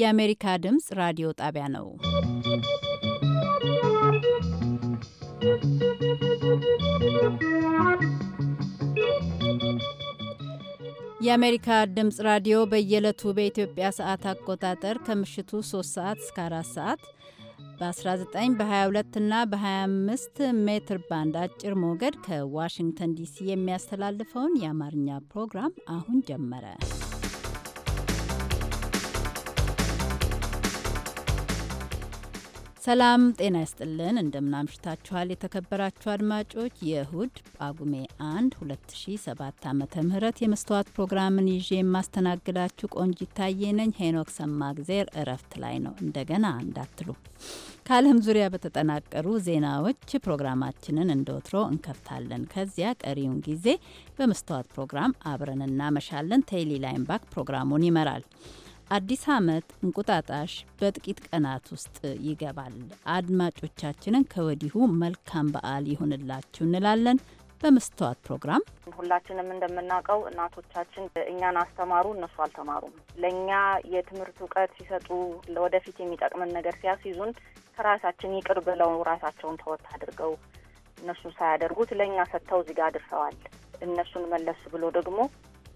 የአሜሪካ ድምፅ ራዲዮ ጣቢያ ነው። የአሜሪካ ድምፅ ራዲዮ በየዕለቱ በኢትዮጵያ ሰዓት አቆጣጠር ከምሽቱ 3 ሰዓት እስከ 4 ሰዓት በ19 በ22 እና በ25 ሜትር ባንድ አጭር ሞገድ ከዋሽንግተን ዲሲ የሚያስተላልፈውን የአማርኛ ፕሮግራም አሁን ጀመረ። ሰላም ጤና ይስጥልን። እንደምናምሽታችኋል የተከበራችሁ አድማጮች የእሁድ ጳጉሜ 1 2007 ዓ ም የመስተዋት ፕሮግራምን ይዤ የማስተናግዳችሁ ቆንጂት ታዬ ነኝ። ሄኖክ ጊዜር እረፍት ላይ ነው። እንደገና እንዳትሉ ከዓለም ዙሪያ በተጠናቀሩ ዜናዎች ፕሮግራማችንን እንደ ወትሮ እንከፍታለን። ከዚያ ቀሪውን ጊዜ በመስተዋት ፕሮግራም አብረን እናመሻለን። ቴይሊ ላይምባክ ፕሮግራሙን ይመራል። አዲስ ዓመት እንቁጣጣሽ በጥቂት ቀናት ውስጥ ይገባል። አድማጮቻችንን ከወዲሁ መልካም በዓል ይሁንላችሁ እንላለን። በመስተዋት ፕሮግራም ሁላችንም እንደምናውቀው እናቶቻችን እኛን አስተማሩ፣ እነሱ አልተማሩም። ለእኛ የትምህርት እውቀት ሲሰጡ ወደፊት የሚጠቅምን ነገር ሲያስይዙን ከራሳችን ይቅር ብለው ራሳቸውን ተወት አድርገው እነሱን ሳያደርጉት ለእኛ ሰጥተው እዚህ አድርሰዋል። እነሱን መለስ ብሎ ደግሞ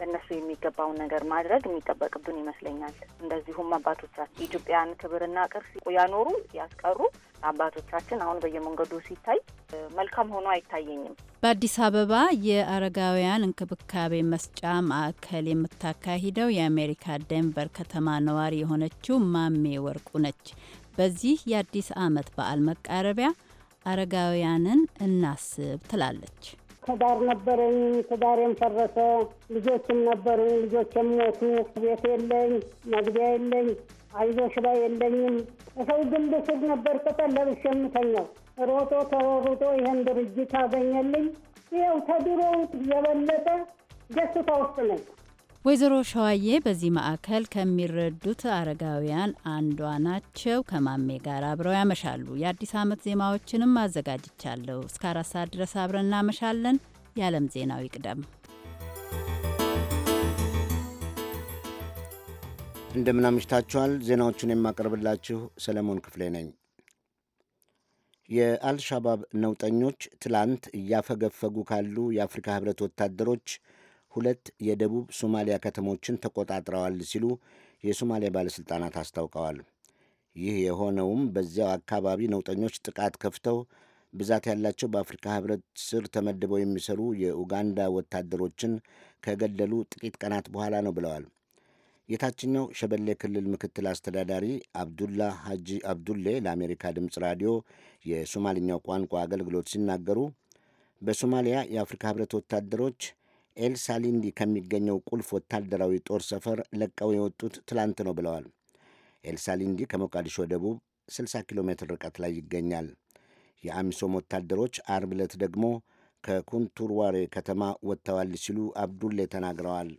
ለእነሱ የሚገባውን ነገር ማድረግ የሚጠበቅብን ይመስለኛል። እንደዚሁም አባቶቻችን የኢትዮጵያን ክብርና ቅርስ ያኖሩ ያስቀሩ አባቶቻችን አሁን በየመንገዱ ሲታይ መልካም ሆኖ አይታየኝም። በአዲስ አበባ የአረጋውያን እንክብካቤ መስጫ ማዕከል የምታካሂደው የአሜሪካ ደንቨር ከተማ ነዋሪ የሆነችው ማሜ ወርቁ ነች። በዚህ የአዲስ ዓመት በዓል መቃረቢያ አረጋውያንን እናስብ ትላለች። ትዳር ነበረኝ፣ ትዳሬም ፈረሰ። ልጆችም ነበሩኝ፣ ልጆችም ሞቱ። ቤት የለኝ፣ መግቢያ የለኝ፣ አይዞሽ ላይ የለኝም። ሰው ግንብ ስር ነበር ቅጠል ለብሼ የምተኛው። ሮጦ ተሮጦ ይህን ድርጅት አገኘልኝ። ይኸው ተድሮው የበለጠ ደስታ ውስጥ ነኝ። ወይዘሮ ሸዋዬ በዚህ ማዕከል ከሚረዱት አረጋውያን አንዷ ናቸው። ከማሜ ጋር አብረው ያመሻሉ። የአዲስ ዓመት ዜማዎችንም አዘጋጅቻለሁ። እስከ አራት ሰዓት ድረስ አብረን እናመሻለን። የዓለም ዜናው ይቅደም። እንደምናምሽታችኋል። ዜናዎቹን የማቀርብላችሁ ሰለሞን ክፍሌ ነኝ። የአልሻባብ ነውጠኞች ትላንት እያፈገፈጉ ካሉ የአፍሪካ ህብረት ወታደሮች ሁለት የደቡብ ሶማሊያ ከተሞችን ተቆጣጥረዋል ሲሉ የሶማሊያ ባለሥልጣናት አስታውቀዋል። ይህ የሆነውም በዚያው አካባቢ ነውጠኞች ጥቃት ከፍተው ብዛት ያላቸው በአፍሪካ ሕብረት ስር ተመድበው የሚሰሩ የኡጋንዳ ወታደሮችን ከገደሉ ጥቂት ቀናት በኋላ ነው ብለዋል። የታችኛው ሸበሌ ክልል ምክትል አስተዳዳሪ አብዱላ ሀጂ አብዱሌ ለአሜሪካ ድምፅ ራዲዮ የሶማልኛው ቋንቋ አገልግሎት ሲናገሩ በሶማሊያ የአፍሪካ ሕብረት ወታደሮች ኤልሳሊንዲ ከሚገኘው ቁልፍ ወታደራዊ ጦር ሰፈር ለቀው የወጡት ትላንት ነው ብለዋል። ኤልሳሊንዲ ከሞቃዲሾ ደቡብ 60 ኪሎ ሜትር ርቀት ላይ ይገኛል። የአሚሶም ወታደሮች አርብ ዕለት ደግሞ ከኩንቱርዋሬ ከተማ ወጥተዋል ሲሉ አብዱሌ ተናግረዋል።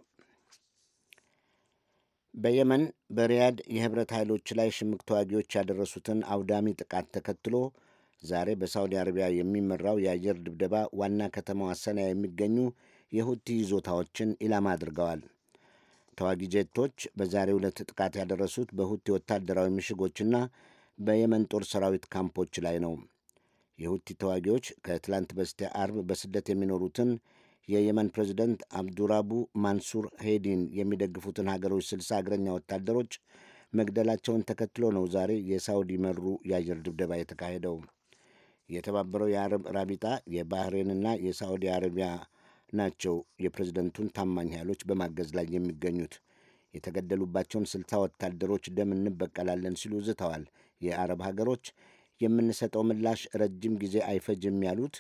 በየመን በሪያድ የህብረት ኃይሎች ላይ ሽምቅ ተዋጊዎች ያደረሱትን አውዳሚ ጥቃት ተከትሎ ዛሬ በሳውዲ አረቢያ የሚመራው የአየር ድብደባ ዋና ከተማዋ ሰና የሚገኙ የሁቲ ይዞታዎችን ኢላማ አድርገዋል። ተዋጊ ጄቶች በዛሬው ዕለት ጥቃት ያደረሱት በሁቲ ወታደራዊ ምሽጎችና በየመን ጦር ሰራዊት ካምፖች ላይ ነው። የሁቲ ተዋጊዎች ከትላንት በስቲያ አርብ በስደት የሚኖሩትን የየመን ፕሬዚደንት አብዱራቡ ማንሱር ሄዲን የሚደግፉትን ሀገሮች ስልሳ እግረኛ ወታደሮች መግደላቸውን ተከትሎ ነው ዛሬ የሳውዲ መሩ የአየር ድብደባ የተካሄደው። የተባበረው የአረብ ራቢጣ የባህሬንና የሳዑዲ አረቢያ ናቸው የፕሬዝደንቱን ታማኝ ኃይሎች በማገዝ ላይ የሚገኙት። የተገደሉባቸውን ስልሳ ወታደሮች ደም እንበቀላለን ሲሉ ዝተዋል። የአረብ ሀገሮች የምንሰጠው ምላሽ ረጅም ጊዜ አይፈጅም ያሉት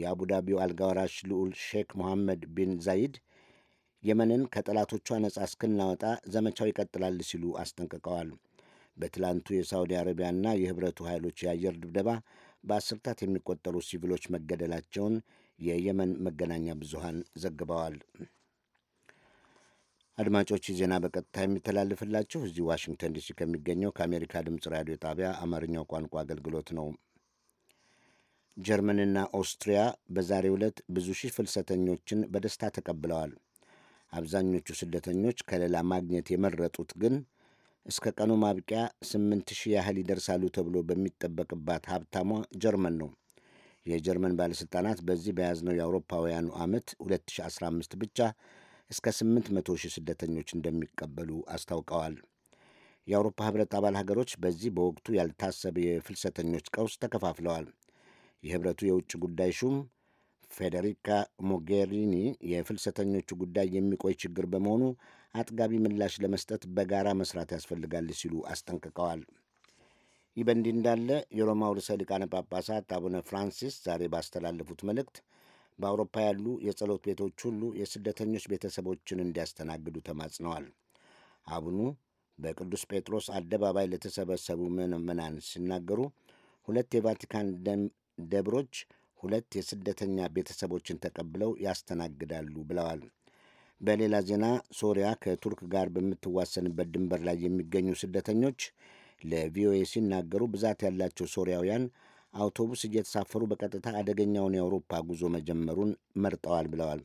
የአቡዳቢው አልጋወራሽ ልዑል ሼክ ሞሐመድ ቢን ዛይድ የመንን ከጠላቶቿ ነጻ እስክናወጣ ዘመቻው ይቀጥላል ሲሉ አስጠንቅቀዋል። በትላንቱ የሳዑዲ አረቢያና የህብረቱ ኃይሎች የአየር ድብደባ በአስርታት የሚቆጠሩ ሲቪሎች መገደላቸውን የየመን መገናኛ ብዙሃን ዘግበዋል። አድማጮች ዜና በቀጥታ የሚተላልፍላችሁ እዚህ ዋሽንግተን ዲሲ ከሚገኘው ከአሜሪካ ድምፅ ራዲዮ ጣቢያ አማርኛው ቋንቋ አገልግሎት ነው። ጀርመንና ኦስትሪያ በዛሬ ዕለት ብዙ ሺህ ፍልሰተኞችን በደስታ ተቀብለዋል። አብዛኞቹ ስደተኞች ከሌላ ማግኘት የመረጡት ግን እስከ ቀኑ ማብቂያ ስምንት ሺህ ያህል ይደርሳሉ ተብሎ በሚጠበቅባት ሀብታሟ ጀርመን ነው። የጀርመን ባለሥልጣናት በዚህ በያዝነው የአውሮፓውያኑ ዓመት 2015 ብቻ እስከ 800 ሺህ ስደተኞች እንደሚቀበሉ አስታውቀዋል። የአውሮፓ ኅብረት አባል ሀገሮች በዚህ በወቅቱ ያልታሰበ የፍልሰተኞች ቀውስ ተከፋፍለዋል። የኅብረቱ የውጭ ጉዳይ ሹም ፌዴሪካ ሞጌሪኒ የፍልሰተኞቹ ጉዳይ የሚቆይ ችግር በመሆኑ አጥጋቢ ምላሽ ለመስጠት በጋራ መስራት ያስፈልጋል ሲሉ አስጠንቅቀዋል። ይህ በእንዲህ እንዳለ የሮማው ርዕሰ ሊቃነ ጳጳሳት አቡነ ፍራንሲስ ዛሬ ባስተላለፉት መልእክት በአውሮፓ ያሉ የጸሎት ቤቶች ሁሉ የስደተኞች ቤተሰቦችን እንዲያስተናግዱ ተማጽነዋል። አቡኑ በቅዱስ ጴጥሮስ አደባባይ ለተሰበሰቡ ምዕመናን ሲናገሩ ሁለት የቫቲካን ደብሮች ሁለት የስደተኛ ቤተሰቦችን ተቀብለው ያስተናግዳሉ ብለዋል። በሌላ ዜና ሶሪያ ከቱርክ ጋር በምትዋሰንበት ድንበር ላይ የሚገኙ ስደተኞች ለቪኦኤ ሲናገሩ ብዛት ያላቸው ሶሪያውያን አውቶቡስ እየተሳፈሩ በቀጥታ አደገኛውን የአውሮፓ ጉዞ መጀመሩን መርጠዋል ብለዋል።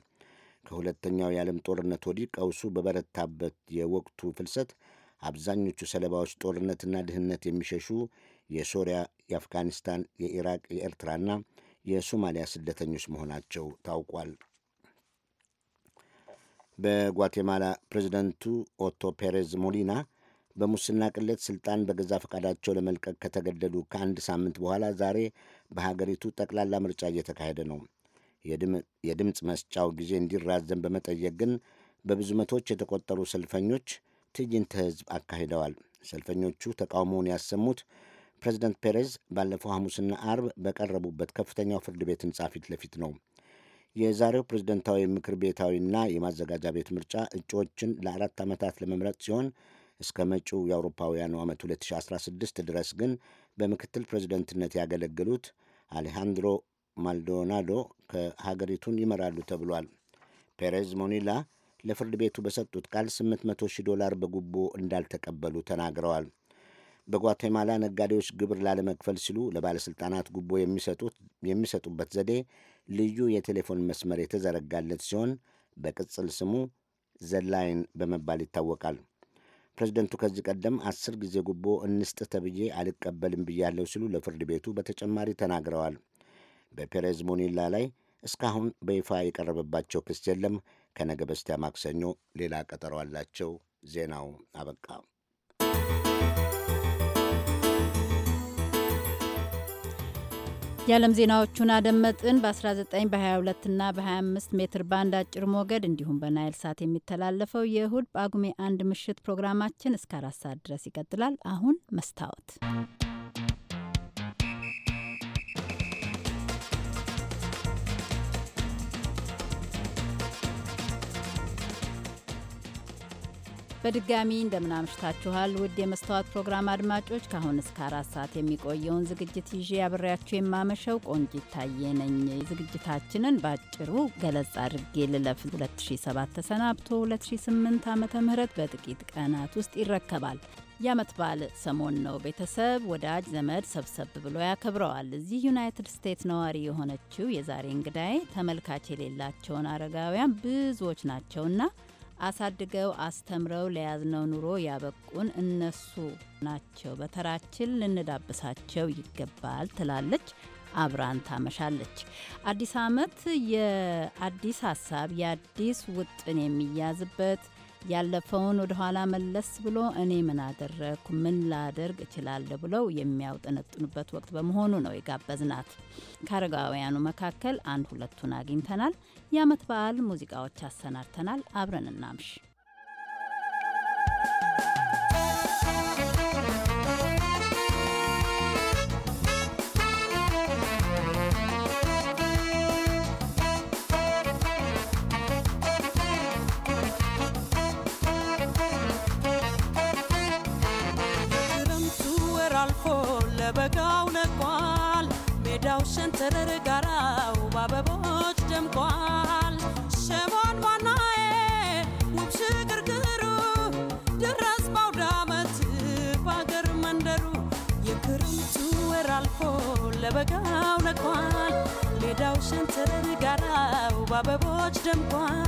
ከሁለተኛው የዓለም ጦርነት ወዲህ ቀውሱ በበረታበት የወቅቱ ፍልሰት አብዛኞቹ ሰለባዎች ጦርነትና ድህነት የሚሸሹ የሶሪያ፣ የአፍጋኒስታን፣ የኢራቅ፣ የኤርትራና የሶማሊያ ስደተኞች መሆናቸው ታውቋል። በጓቴማላ ፕሬዚደንቱ ኦቶ ፔሬዝ ሞሊና በሙስና ቅሌት ስልጣን በገዛ ፈቃዳቸው ለመልቀቅ ከተገደዱ ከአንድ ሳምንት በኋላ ዛሬ በሀገሪቱ ጠቅላላ ምርጫ እየተካሄደ ነው። የድምፅ መስጫው ጊዜ እንዲራዘም በመጠየቅ ግን በብዙ መቶዎች የተቆጠሩ ሰልፈኞች ትዕይንተ ሕዝብ አካሂደዋል። ሰልፈኞቹ ተቃውሞውን ያሰሙት ፕሬዚደንት ፔሬዝ ባለፈው ሐሙስና አርብ በቀረቡበት ከፍተኛው ፍርድ ቤት ህንፃ ፊት ለፊት ነው። የዛሬው ፕሬዝደንታዊ ምክር ቤታዊና የማዘጋጃ ቤት ምርጫ እጩዎችን ለአራት ዓመታት ለመምረጥ ሲሆን እስከ መጪው የአውሮፓውያኑ ዓመት 2016 ድረስ ግን በምክትል ፕሬዚደንትነት ያገለግሉት አሌሃንድሮ ማልዶናዶ ከሀገሪቱን ይመራሉ ተብሏል። ፔሬዝ ሞኒላ ለፍርድ ቤቱ በሰጡት ቃል 800 ሺህ ዶላር በጉቦ እንዳልተቀበሉ ተናግረዋል። በጓቴማላ ነጋዴዎች ግብር ላለመክፈል ሲሉ ለባለሥልጣናት ጉቦ የሚሰጡበት ዘዴ ልዩ የቴሌፎን መስመር የተዘረጋለት ሲሆን በቅጽል ስሙ ዘላይን በመባል ይታወቃል። ፕሬዚደንቱ ከዚህ ቀደም አስር ጊዜ ጉቦ እንስጥ ተብዬ አልቀበልም ብያለሁ ሲሉ ለፍርድ ቤቱ በተጨማሪ ተናግረዋል። በፔሬዝ ሞኒላ ላይ እስካሁን በይፋ የቀረበባቸው ክስ የለም። ከነገ በስቲያ ማክሰኞ ሌላ ቀጠሮ አላቸው። ዜናው አበቃ። የዓለም ዜናዎቹን አደመጥን። በ19 በ22 እና በ25 ሜትር ባንድ አጭር ሞገድ እንዲሁም በናይል ሳት የሚተላለፈው የእሁድ ጳጉሜ አንድ ምሽት ፕሮግራማችን እስከ አራት ሰዓት ድረስ ይቀጥላል። አሁን መስታወት በድጋሚ እንደምናምሽታችኋል ውድ የመስተዋት ፕሮግራም አድማጮች፣ ከአሁን እስከ አራት ሰዓት የሚቆየውን ዝግጅት ይዤ አብሬያችሁ የማመሸው ቆንጂት ታየ ነኝ። ዝግጅታችንን በአጭሩ ገለጽ አድርጌ ልለፍ። 2007 ተሰናብቶ 2008 ዓ ም በጥቂት ቀናት ውስጥ ይረከባል። የአመት በዓል ሰሞን ነው። ቤተሰብ፣ ወዳጅ ዘመድ ሰብሰብ ብሎ ያከብረዋል። እዚህ ዩናይትድ ስቴትስ ነዋሪ የሆነችው የዛሬ እንግዳይ ተመልካች የሌላቸውን አረጋውያን ብዙዎች ናቸውና አሳድገው አስተምረው ለያዝነው ኑሮ ያበቁን እነሱ ናቸው። በተራችን ልንዳብሳቸው ይገባል ትላለች። አብራን ታመሻለች። አዲስ ዓመት የአዲስ ሀሳብ የአዲስ ውጥን የሚያዝበት ያለፈውን ወደ ኋላ መለስ ብሎ እኔ ምን አደረግኩ፣ ምን ላደርግ እችላለሁ ብለው የሚያውጠነጥኑበት ወቅት በመሆኑ ነው የጋበዝናት። ከአረጋውያኑ መካከል አንድ ሁለቱን አግኝተናል። የዓመት በዓል ሙዚቃዎች አሰናድተናል። አብረን እናምሽ። da ጓዳው ሸንተረር ጋራው በአበቦች ደምቋል።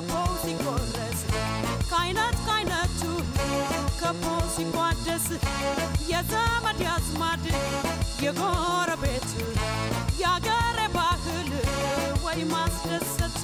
ዳቦው ሲቆረስ ከአይነት ከአይነቱ ከቦ ሲቋደስ የዘመድ ያዝማድ የጎረቤት የአገሬ ባህል ወይ ማስደሰት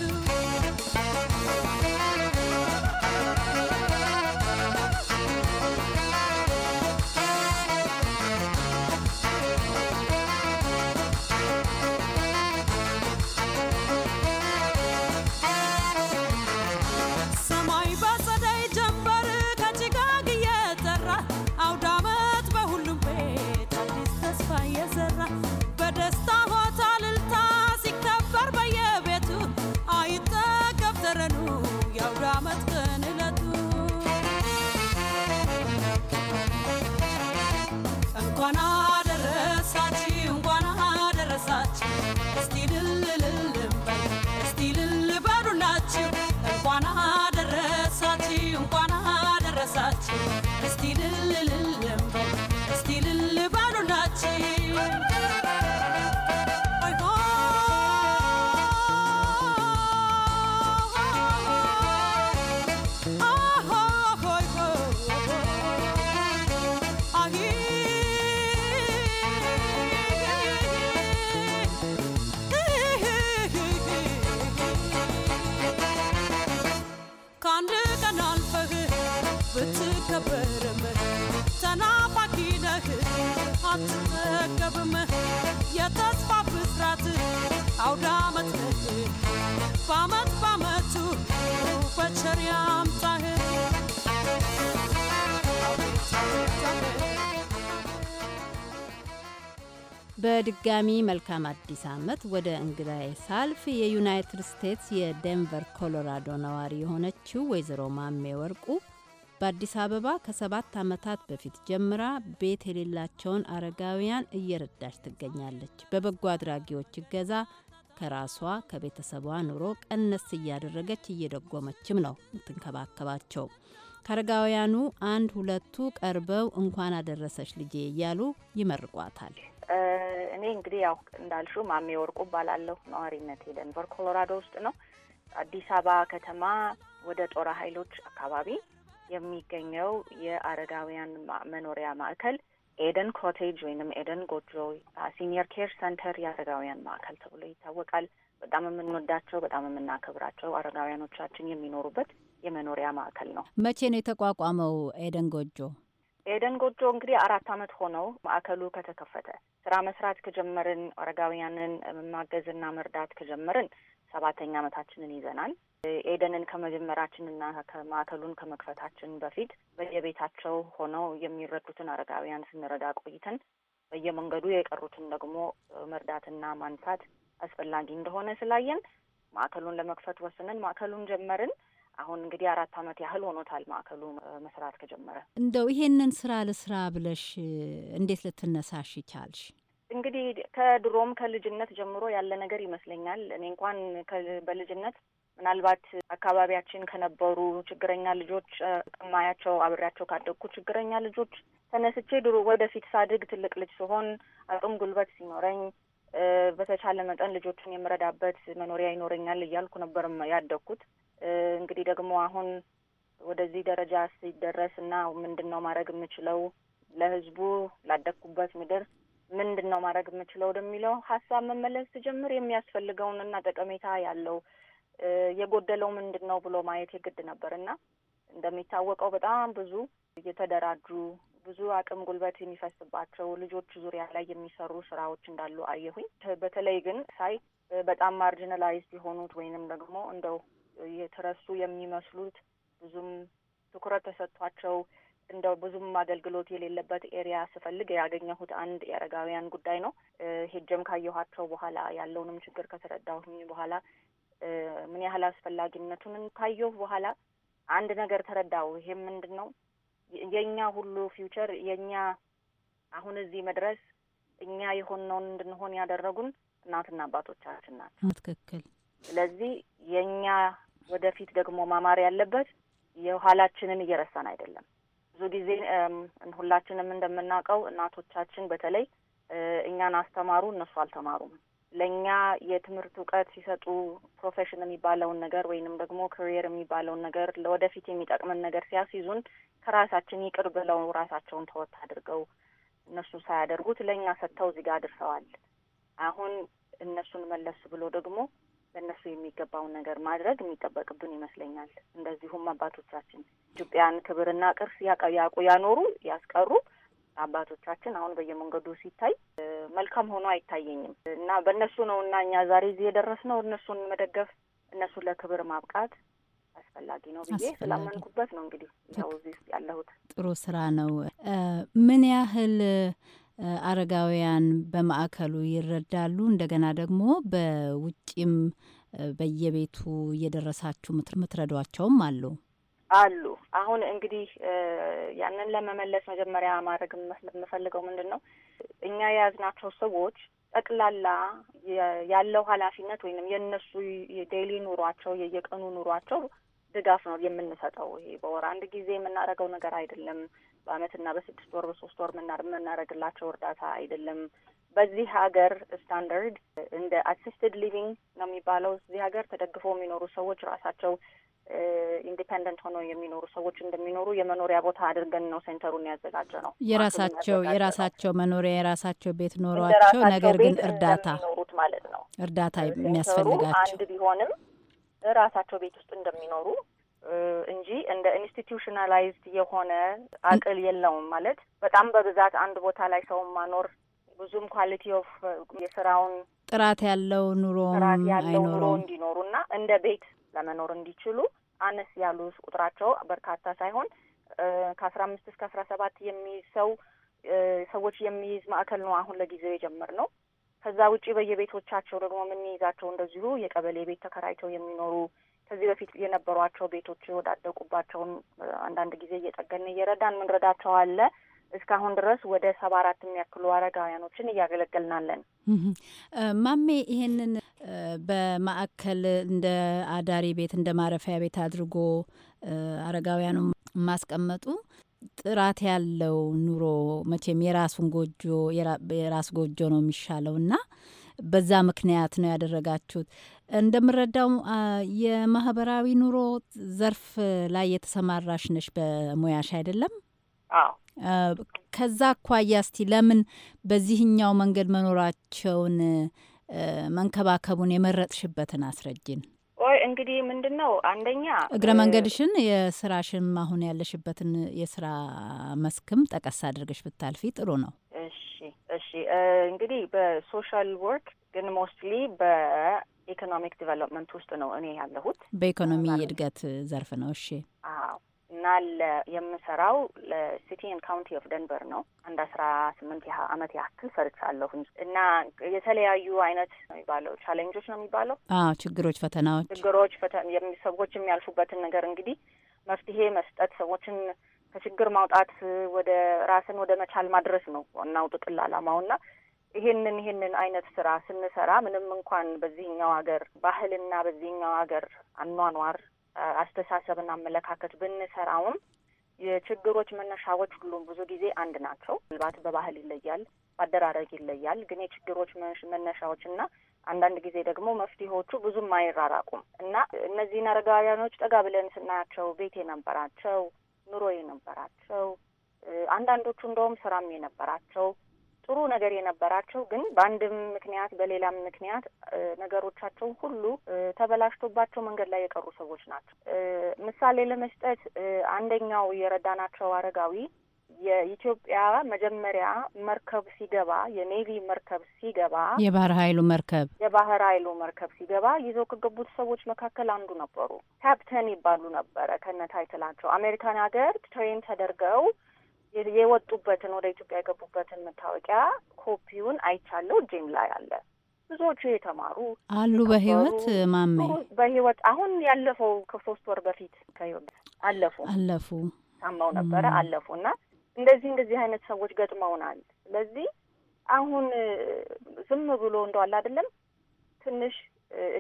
አትከበርም፣ ተናፋቂ ነህ አትጠገብም። የተስፋ ብስራት አውደ ነህ በዓመት በዓመቱ በቸር ያምጣህ። በድጋሚ መልካም አዲስ ዓመት። ወደ እንግዳዬ ሳልፍ የዩናይትድ ስቴትስ የዴንቨር ኮሎራዶ ነዋሪ የሆነችው ወይዘሮ ማሜ ወርቁ በአዲስ አበባ ከሰባት ዓመታት በፊት ጀምራ ቤት የሌላቸውን አረጋውያን እየረዳች ትገኛለች። በበጎ አድራጊዎች እገዛ ከራሷ ከቤተሰቧ ኑሮ ቀነስ እያደረገች እየደጎመችም ነው የምትንከባከባቸው። ከአረጋውያኑ አንድ ሁለቱ ቀርበው እንኳን አደረሰች ልጄ እያሉ ይመርቋታል። እኔ እንግዲህ ያው እንዳልሹ ማሜ ወርቁ እባላለሁ። ነዋሪነት ደንቨር ኮሎራዶ ውስጥ ነው። አዲስ አበባ ከተማ ወደ ጦር ኃይሎች አካባቢ የሚገኘው የአረጋውያን መኖሪያ ማዕከል ኤደን ኮቴጅ ወይንም ኤደን ጎጆ ሲኒየር ኬር ሰንተር የአረጋውያን ማዕከል ተብሎ ይታወቃል። በጣም የምንወዳቸው በጣም የምናከብራቸው አረጋውያኖቻችን የሚኖሩበት የመኖሪያ ማዕከል ነው። መቼ ነው የተቋቋመው ኤደን ጎጆ? ኤደን ጎጆ እንግዲህ አራት ዓመት ሆነው ማዕከሉ ከተከፈተ ስራ መስራት ከጀመርን አረጋውያንን ማገዝና መርዳት ከጀመርን ሰባተኛ ዓመታችንን ይዘናል። ኤደንን ከመጀመራችንና ከማዕከሉን ከመክፈታችን በፊት በየቤታቸው ሆነው የሚረዱትን አረጋውያን ስንረዳ ቆይተን በየመንገዱ የቀሩትን ደግሞ መርዳትና ማንሳት አስፈላጊ እንደሆነ ስላየን ማዕከሉን ለመክፈት ወስነን ማዕከሉን ጀመርን። አሁን እንግዲህ አራት ዓመት ያህል ሆኖታል ማዕከሉ መስራት ከጀመረ። እንደው ይሄንን ስራ ልስራ ብለሽ እንዴት ልትነሳሽ ይቻልሽ? እንግዲህ ከድሮም ከልጅነት ጀምሮ ያለ ነገር ይመስለኛል። እኔ እንኳን በልጅነት ምናልባት አካባቢያችን ከነበሩ ችግረኛ ልጆች ጥማያቸው አብሬያቸው ካደግኩ ችግረኛ ልጆች ተነስቼ ድሮ ወደፊት ሳድግ ትልቅ ልጅ ሲሆን አቅም ጉልበት ሲኖረኝ በተቻለ መጠን ልጆችን የምረዳበት መኖሪያ ይኖረኛል እያልኩ ነበር ያደግኩት። እንግዲህ ደግሞ አሁን ወደዚህ ደረጃ ሲደረስ እና ምንድን ነው ማድረግ የምችለው ለህዝቡ ላደግኩበት ምድር ምንድን ነው ማድረግ የምችለው ወደሚለው ሀሳብ መመለስ ስጀምር የሚያስፈልገውንና ጠቀሜታ ያለው የጎደለው ምንድን ነው ብሎ ማየት የግድ ነበር እና እንደሚታወቀው በጣም ብዙ እየተደራጁ ብዙ አቅም ጉልበት የሚፈስባቸው ልጆች ዙሪያ ላይ የሚሰሩ ስራዎች እንዳሉ አየሁኝ። በተለይ ግን ሳይ በጣም ማርጂናላይዝድ የሆኑት ወይንም ደግሞ እንደው የተረሱ የሚመስሉት ብዙም ትኩረት ተሰጥቷቸው እንደው ብዙም አገልግሎት የሌለበት ኤሪያ ስፈልግ ያገኘሁት አንድ የአረጋውያን ጉዳይ ነው። ሄጀም ካየኋቸው በኋላ ያለውንም ችግር ከተረዳሁኝ በኋላ ምን ያህል አስፈላጊነቱን ካየሁ በኋላ አንድ ነገር ተረዳው። ይሄ ምንድን ነው የእኛ ሁሉ ፊውቸር የእኛ አሁን እዚህ መድረስ እኛ የሆንነውን እንድንሆን ያደረጉን እናትና አባቶቻችን ናቸው። ትክክል። ስለዚህ የእኛ ወደፊት ደግሞ ማማር ያለበት የኋላችንን እየረሳን አይደለም። ብዙ ጊዜ ሁላችንም እንደምናውቀው እናቶቻችን በተለይ እኛን አስተማሩ፣ እነሱ አልተማሩም። ለእኛ የትምህርት እውቀት ሲሰጡ ፕሮፌሽን የሚባለውን ነገር ወይንም ደግሞ ክሪየር የሚባለውን ነገር ለወደፊት የሚጠቅመን ነገር ሲያስይዙን ከራሳችን ይቅር ብለው ራሳቸውን ተወት አድርገው እነሱ ሳያደርጉት ለእኛ ሰጥተው እዚህ ጋር አድርሰዋል። አሁን እነሱን መለስ ብሎ ደግሞ ለእነሱ የሚገባውን ነገር ማድረግ የሚጠበቅብን ይመስለኛል። እንደዚሁም አባቶቻችን ኢትዮጵያን ክብርና ቅርስ ያቆ ያኖሩ ያስቀሩ አባቶቻችን አሁን በየመንገዱ ሲታይ መልካም ሆኖ አይታየኝም እና በእነሱ ነው እና እኛ ዛሬ እዚህ የደረስነው እነሱን መደገፍ እነሱን ለክብር ማብቃት አስፈላጊ ነው ብዬ ስላመንኩበት ነው እንግዲህ ያው እዚህ ውስጥ ያለሁት። ጥሩ ስራ ነው። ምን ያህል አረጋውያን በማዕከሉ ይረዳሉ? እንደገና ደግሞ በውጭም በየቤቱ እየደረሳችሁ ምትረዷቸውም አሉ? አሉ። አሁን እንግዲህ ያንን ለመመለስ መጀመሪያ ማድረግ የምፈልገው ምንድን ነው እኛ የያዝናቸው ሰዎች ጠቅላላ ያለው ኃላፊነት ወይንም የእነሱ ዴይሊ ኑሯቸው የየቀኑ ኑሯቸው ድጋፍ ነው የምንሰጠው። ይሄ በወር አንድ ጊዜ የምናደርገው ነገር አይደለም። በአመትና በስድስት ወር በሶስት ወር የምናደርግላቸው እርዳታ አይደለም። በዚህ ሀገር ስታንዳርድ እንደ አሲስትድ ሊቪንግ ነው የሚባለው። እዚህ ሀገር ተደግፎ የሚኖሩ ሰዎች ራሳቸው ኢንዲፐንደንት ሆነው የሚኖሩ ሰዎች እንደሚኖሩ የመኖሪያ ቦታ አድርገን ነው ሴንተሩን ያዘጋጀ ነው። የራሳቸው የራሳቸው መኖሪያ የራሳቸው ቤት ኖሯቸው ነገር ግን እርዳታ ኖሩት ማለት ነው እርዳታ የሚያስፈልጋቸው አንድ ቢሆንም ራሳቸው ቤት ውስጥ እንደሚኖሩ እንጂ እንደ ኢንስቲትዩሽናላይዝድ የሆነ አቅል የለውም ማለት በጣም በብዛት አንድ ቦታ ላይ ሰውን ማኖር ብዙም ኳሊቲ ኦፍ የስራውን ጥራት ያለው ኑሮ ጥራት ያለው ኑሮ እንዲኖሩ እና እንደ ቤት ለመኖር እንዲችሉ አነስ ያሉ ቁጥራቸው በርካታ ሳይሆን ከአስራ አምስት እስከ አስራ ሰባት የሚይዝ ሰው ሰዎች የሚይዝ ማዕከል ነው አሁን ለጊዜው የጀመርነው። ከዛ ውጪ በየቤቶቻቸው ደግሞ የምንይዛቸው እንደዚሁ የቀበሌ ቤት ተከራይተው የሚኖሩ ከዚህ በፊት የነበሯቸው ቤቶች የወዳደቁባቸውን አንዳንድ ጊዜ እየጠገን እየረዳን ምንረዳቸው አለ። እስካሁን ድረስ ወደ ሰባ አራት የሚያክሉ አረጋውያኖችን እያገለገልናለን። ማሜ ይሄንን በማዕከል እንደ አዳሪ ቤት እንደ ማረፊያ ቤት አድርጎ አረጋውያኑ ማስቀመጡ ጥራት ያለው ኑሮ መቼም የራሱን ጎጆ የራስ ጎጆ ነው የሚሻለው እና በዛ ምክንያት ነው ያደረጋችሁት። እንደምረዳው የማህበራዊ ኑሮ ዘርፍ ላይ የተሰማራሽ ነሽ በሙያሽ አይደለም? አዎ ከዛ አኳያ እስቲ ለምን በዚህኛው መንገድ መኖራቸውን መንከባከቡን የመረጥሽበትን አስረጅን። ወይ እንግዲህ ምንድን ነው አንደኛ እግረ መንገድሽን የስራሽም አሁን ያለሽበትን የስራ መስክም ጠቀስ አድርገሽ ብታልፊ ጥሩ ነው። እሺ እሺ። እንግዲህ በሶሻል ወርክ ግን ሞስትሊ በኢኮኖሚክ ዲቨሎፕመንት ውስጥ ነው እኔ ያለሁት። በኢኮኖሚ እድገት ዘርፍ ነው። እሺ። አዎ እና የምሰራው ለሲቲ ካውንቲ ኦፍ ደንቨር ነው። አንድ አስራ ስምንት አመት ያክል ሰርቻለሁ እና የተለያዩ አይነት የሚባለው ቻሌንጆች ነው የሚባለው ችግሮች፣ ፈተናዎች፣ ችግሮች ሰዎች የሚያልፉበትን ነገር እንግዲህ መፍትሄ መስጠት ሰዎችን ከችግር ማውጣት ወደ ራስን ወደ መቻል ማድረስ ነው ዋናው ጥቅል አላማውና ይሄንን ይሄንን አይነት ስራ ስንሰራ ምንም እንኳን በዚህኛው ሀገር ባህልና በዚህኛው ሀገር አኗኗር አስተሳሰብና አመለካከት ብንሰራውም የችግሮች መነሻዎች ሁሉም ብዙ ጊዜ አንድ ናቸው። ምናልባት በባህል ይለያል፣ በአደራረግ ይለያል። ግን የችግሮች መነሻዎች እና አንዳንድ ጊዜ ደግሞ መፍትሄዎቹ ብዙም አይራራቁም እና እነዚህን አረጋውያኖች ጠጋ ብለን ስናያቸው ቤት የነበራቸው ኑሮ የነበራቸው አንዳንዶቹ እንደውም ስራም የነበራቸው ጥሩ ነገር የነበራቸው ግን በአንድም ምክንያት በሌላም ምክንያት ነገሮቻቸው ሁሉ ተበላሽቶባቸው መንገድ ላይ የቀሩ ሰዎች ናቸው። ምሳሌ ለመስጠት አንደኛው የረዳናቸው አረጋዊ የኢትዮጵያ መጀመሪያ መርከብ ሲገባ የኔቪ መርከብ ሲገባ የባህር ኃይሉ መርከብ የባህር ኃይሉ መርከብ ሲገባ ይዘው ከገቡት ሰዎች መካከል አንዱ ነበሩ። ካፕተን ይባሉ ነበረ ከነ ታይትላቸው አሜሪካን ሀገር ትሬን ተደርገው የወጡበትን ወደ ኢትዮጵያ የገቡበትን መታወቂያ ኮፒውን አይቻለው። እጄም ላይ አለ። ብዙዎቹ የተማሩ አሉ በህይወት ማሜ በህይወት አሁን ያለፈው ከሶስት ወር በፊት ከህይወት አለፉ አለፉ ታመው ነበረ አለፉ። እና እንደዚህ እንደዚህ አይነት ሰዎች ገጥመውናል። ስለዚህ አሁን ዝም ብሎ እንደዋላ አይደለም ትንሽ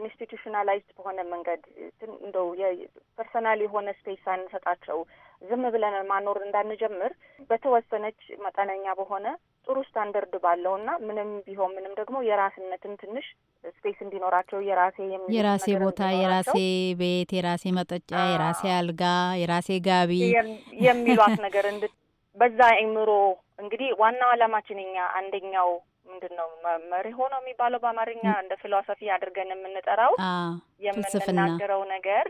ኢንስቲቱሽናላይዝድ በሆነ መንገድ እንደው ፐርሰናል የሆነ ስፔስ አንሰጣቸው ዝም ብለን ማኖር እንዳንጀምር በተወሰነች መጠነኛ በሆነ ጥሩ ስታንደርድ ባለው እና ምንም ቢሆን ምንም ደግሞ የራስነትን ትንሽ ስፔስ እንዲኖራቸው የራሴ የራሴ ቦታ፣ የራሴ ቤት፣ የራሴ መጠጫ፣ የራሴ አልጋ፣ የራሴ ጋቢ የሚሏት ነገር እንድ በዛ አይምሮ እንግዲህ ዋናው አላማችን እኛ አንደኛው ምንድን ነው መሪ ሆኖ የሚባለው በአማርኛ እንደ ፊሎሶፊ አድርገን የምንጠራው የምንናገረው ነገር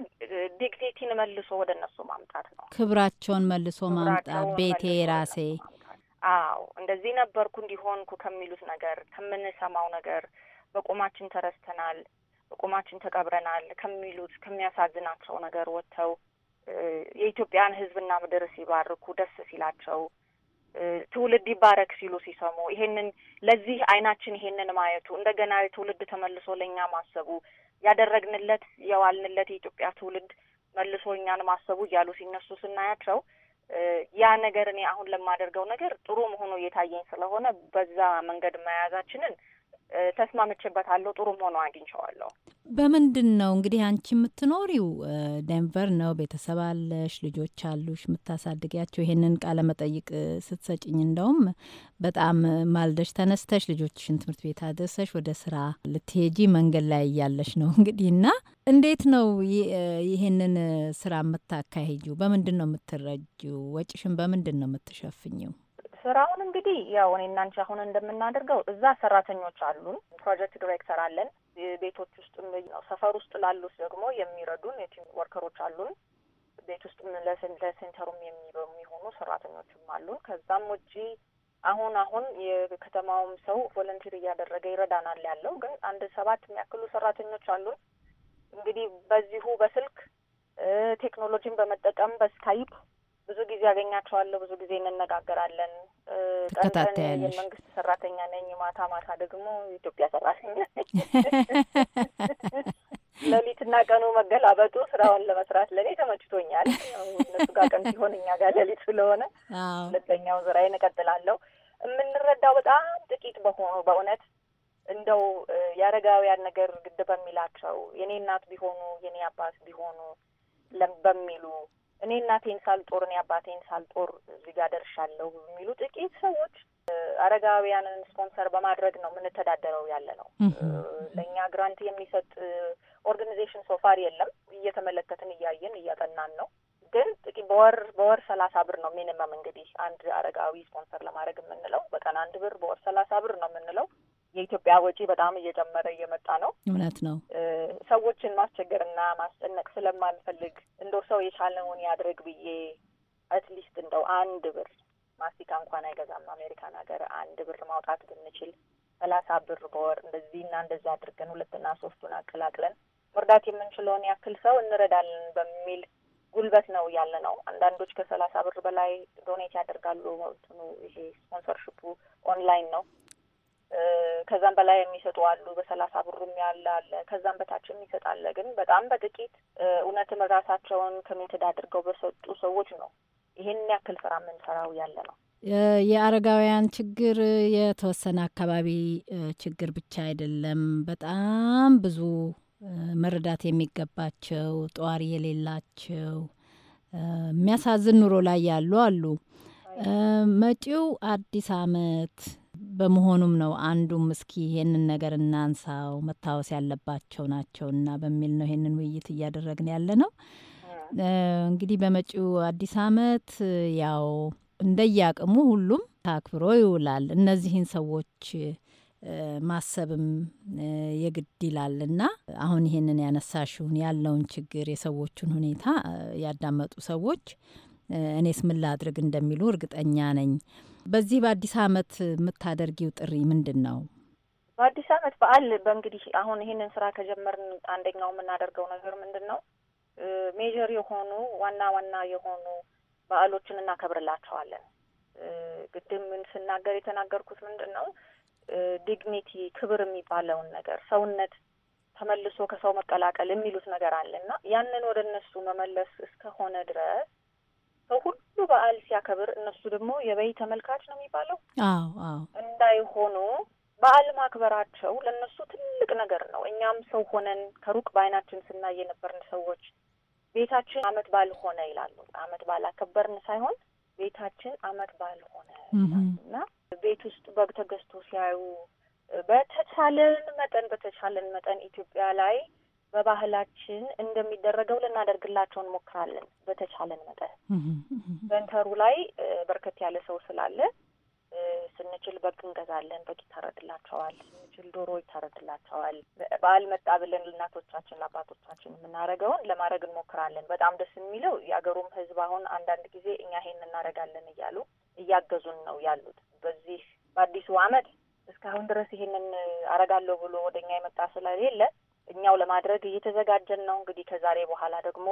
ዲግኒቲን መልሶ ወደ እነሱ ማምጣት ነው። ክብራቸውን መልሶ ማምጣት፣ ቤቴ ራሴ፣ አዎ እንደዚህ ነበርኩ እንዲሆንኩ ከሚሉት ነገር ከምንሰማው ነገር በቁማችን ተረስተናል፣ በቁማችን ተቀብረናል ከሚሉት ከሚያሳዝናቸው ነገር ወጥተው የኢትዮጵያን ሕዝብና ምድር ሲባርኩ ደስ ሲላቸው ትውልድ ይባረክ ሲሉ ሲሰሙ ይሄንን ለዚህ አይናችን ይሄንን ማየቱ እንደገና ትውልድ ተመልሶ ለእኛ ማሰቡ ያደረግንለት የዋልንለት የኢትዮጵያ ትውልድ መልሶ እኛን ማሰቡ እያሉ ሲነሱ ስናያቸው ያ ነገር እኔ አሁን ለማደርገው ነገር ጥሩ መሆኑ እየታየኝ ስለሆነ በዛ መንገድ መያዛችንን ተስማምቼበታለሁ። ጥሩም ሆኖ አግኝቸዋለሁ። በምንድን ነው እንግዲህ አንቺ የምትኖሪው ዴንቨር ነው። ቤተሰብ አለሽ፣ ልጆች አሉሽ የምታሳድጊያቸው። ይሄንን ቃለ መጠይቅ ስትሰጭኝ እንደውም በጣም ማልደሽ ተነስተሽ ልጆችሽን ትምህርት ቤት አድርሰሽ ወደ ስራ ልትሄጂ መንገድ ላይ እያለሽ ነው እንግዲህ እና እንዴት ነው ይሄንን ስራ የምታካሂጂው? በምንድን ነው የምትረጂው? ወጪሽን በምንድን ነው የምትሸፍኝው? ስራውን እንግዲህ ያው እኔ እናንቺ አሁን እንደምናደርገው እዛ ሰራተኞች አሉን፣ ፕሮጀክት ዲሬክተር አለን። ቤቶች ውስጥ ሰፈር ውስጥ ላሉት ደግሞ የሚረዱን የቲም ወርከሮች አሉን። ቤት ውስጥ ለሴንተሩም የሚሆኑ ሰራተኞችም አሉን። ከዛም ውጪ አሁን አሁን የከተማውም ሰው ቮለንቲር እያደረገ ይረዳናል ያለው ግን አንድ ሰባት የሚያክሉ ሰራተኞች አሉን። እንግዲህ በዚሁ በስልክ ቴክኖሎጂን በመጠቀም በስካይፕ ብዙ ጊዜ ያገኛቸዋለሁ። ብዙ ጊዜ እንነጋገራለን። ተከታተያለሽ? መንግስት ሰራተኛ ነኝ። ማታ ማታ ደግሞ ኢትዮጵያ ሰራተኛ ነኝ። ሌሊትና ቀኑ መገላበጡ ስራውን ለመስራት ለእኔ ተመችቶኛል። እነሱ ጋር ቀን ሲሆን እኛ ጋር ሌሊት ስለሆነ ሁለተኛው ስራዬን እቀጥላለሁ። የምንረዳው በጣም ጥቂት በሆኑ በእውነት እንደው የአረጋውያን ነገር ግድ በሚላቸው የኔ እናት ቢሆኑ የኔ አባት ቢሆኑ በሚሉ እኔ እናቴን ሳልጦር እኔ አባቴን ሳልጦር እዚህ ጋር ደርሻለሁ የሚሉ ጥቂት ሰዎች አረጋውያንን ስፖንሰር በማድረግ ነው የምንተዳደረው ያለ ነው። ለእኛ ግራንት የሚሰጥ ኦርጋኒዜሽን ሶፋር የለም። እየተመለከትን እያየን እያጠናን ነው። ግን ጥቂት በወር በወር ሰላሳ ብር ነው ሚኒመም። እንግዲህ አንድ አረጋዊ ስፖንሰር ለማድረግ የምንለው በቀን አንድ ብር በወር ሰላሳ ብር ነው የምንለው። የኢትዮጵያ ወጪ በጣም እየጨመረ እየመጣ ነው። እውነት ነው። ሰዎችን ማስቸገርና ማስጨነቅ ስለማንፈልግ እንደው ሰው የቻለውን ያድርግ ብዬ አትሊስት እንደው አንድ ብር ማስቲካ እንኳን አይገዛም አሜሪካን ሀገር አንድ ብር ማውጣት ብንችል ሰላሳ ብር በወር እንደዚህና እንደዚህ አድርገን ሁለትና ሶስቱን አቀላቅለን መርዳት የምንችለውን ያክል ሰው እንረዳለን በሚል ጉልበት ነው ያለ ነው። አንዳንዶች ከሰላሳ ብር በላይ ዶኔት ያደርጋሉ። እንትኑ ይሄ ስፖንሰርሽፑ ኦንላይን ነው። ከዛም በላይ የሚሰጡ አሉ። በሰላሳ ብሩም ያለ አለ። ከዛም በታች የሚሰጥ አለ። ግን በጣም በጥቂት እውነትም ራሳቸውን ከሜትድ አድርገው በሰጡ ሰዎች ነው ይህን ያክል ስራ የምንሰራው ያለ ነው። የአረጋውያን ችግር የተወሰነ አካባቢ ችግር ብቻ አይደለም። በጣም ብዙ መረዳት የሚገባቸው ጠዋሪ የሌላቸው የሚያሳዝን ኑሮ ላይ ያሉ አሉ። መጪው አዲስ ዓመት በመሆኑም ነው አንዱም እስኪ ይሄንን ነገር እናንሳው መታወስ ያለባቸው ናቸውና በሚል ነው ይሄንን ውይይት እያደረግን ያለ ነው። እንግዲህ በመጪው አዲስ ዓመት ያው እንደየአቅሙ ሁሉም ታክብሮ ይውላል። እነዚህን ሰዎች ማሰብም የግድ ይላል እና አሁን ይሄንን ያነሳሽውን ያለውን ችግር የሰዎችን ሁኔታ ያዳመጡ ሰዎች እኔስ ምን ላድርግ እንደሚሉ እርግጠኛ ነኝ። በዚህ በአዲስ አመት የምታደርጊው ጥሪ ምንድን ነው? በአዲስ አመት በዓል በእንግዲህ አሁን ይህንን ስራ ከጀመርን አንደኛው የምናደርገው ነገር ምንድን ነው? ሜጀር የሆኑ ዋና ዋና የሆኑ በዓሎችን እናከብርላቸዋለን። ግድም ስናገር የተናገርኩት ምንድን ነው ዲግኒቲ ክብር የሚባለውን ነገር ሰውነት ተመልሶ ከሰው መቀላቀል የሚሉት ነገር አለ ያንን ወደ እነሱ መመለስ እስከሆነ ድረስ ሰው ሁሉ በዓል ሲያከብር እነሱ ደግሞ የበይ ተመልካች ነው የሚባለው። እንዳይሆኑ በዓል ማክበራቸው ለእነሱ ትልቅ ነገር ነው። እኛም ሰው ሆነን ከሩቅ በአይናችን ስናይ የነበርን ሰዎች ቤታችን አመት በዓል ሆነ ይላሉ። አመት በዓል አከበርን ሳይሆን ቤታችን አመት በዓል ሆነ እና ቤት ውስጥ በግ ተገዝቶ ሲያዩ በተቻለን መጠን በተቻለን መጠን ኢትዮጵያ ላይ በባህላችን እንደሚደረገው ልናደርግላቸው እንሞክራለን። በተቻለን መጠን በንተሩ ላይ በርከት ያለ ሰው ስላለ ስንችል በግ እንገዛለን። በግ ይታረድላቸዋል። ስንችል ዶሮ ይታረድላቸዋል። በዓል መጣ ብለን እናቶቻችን አባቶቻችን የምናደርገውን ለማድረግ እንሞክራለን። በጣም ደስ የሚለው የአገሩም ሕዝብ አሁን አንዳንድ ጊዜ እኛ ይሄን እናደርጋለን እያሉ እያገዙን ነው ያሉት። በዚህ በአዲሱ አመት እስካሁን ድረስ ይሄንን አረጋለሁ ብሎ ወደ እኛ የመጣ ስለሌለ እኛው ለማድረግ እየተዘጋጀን ነው። እንግዲህ ከዛሬ በኋላ ደግሞ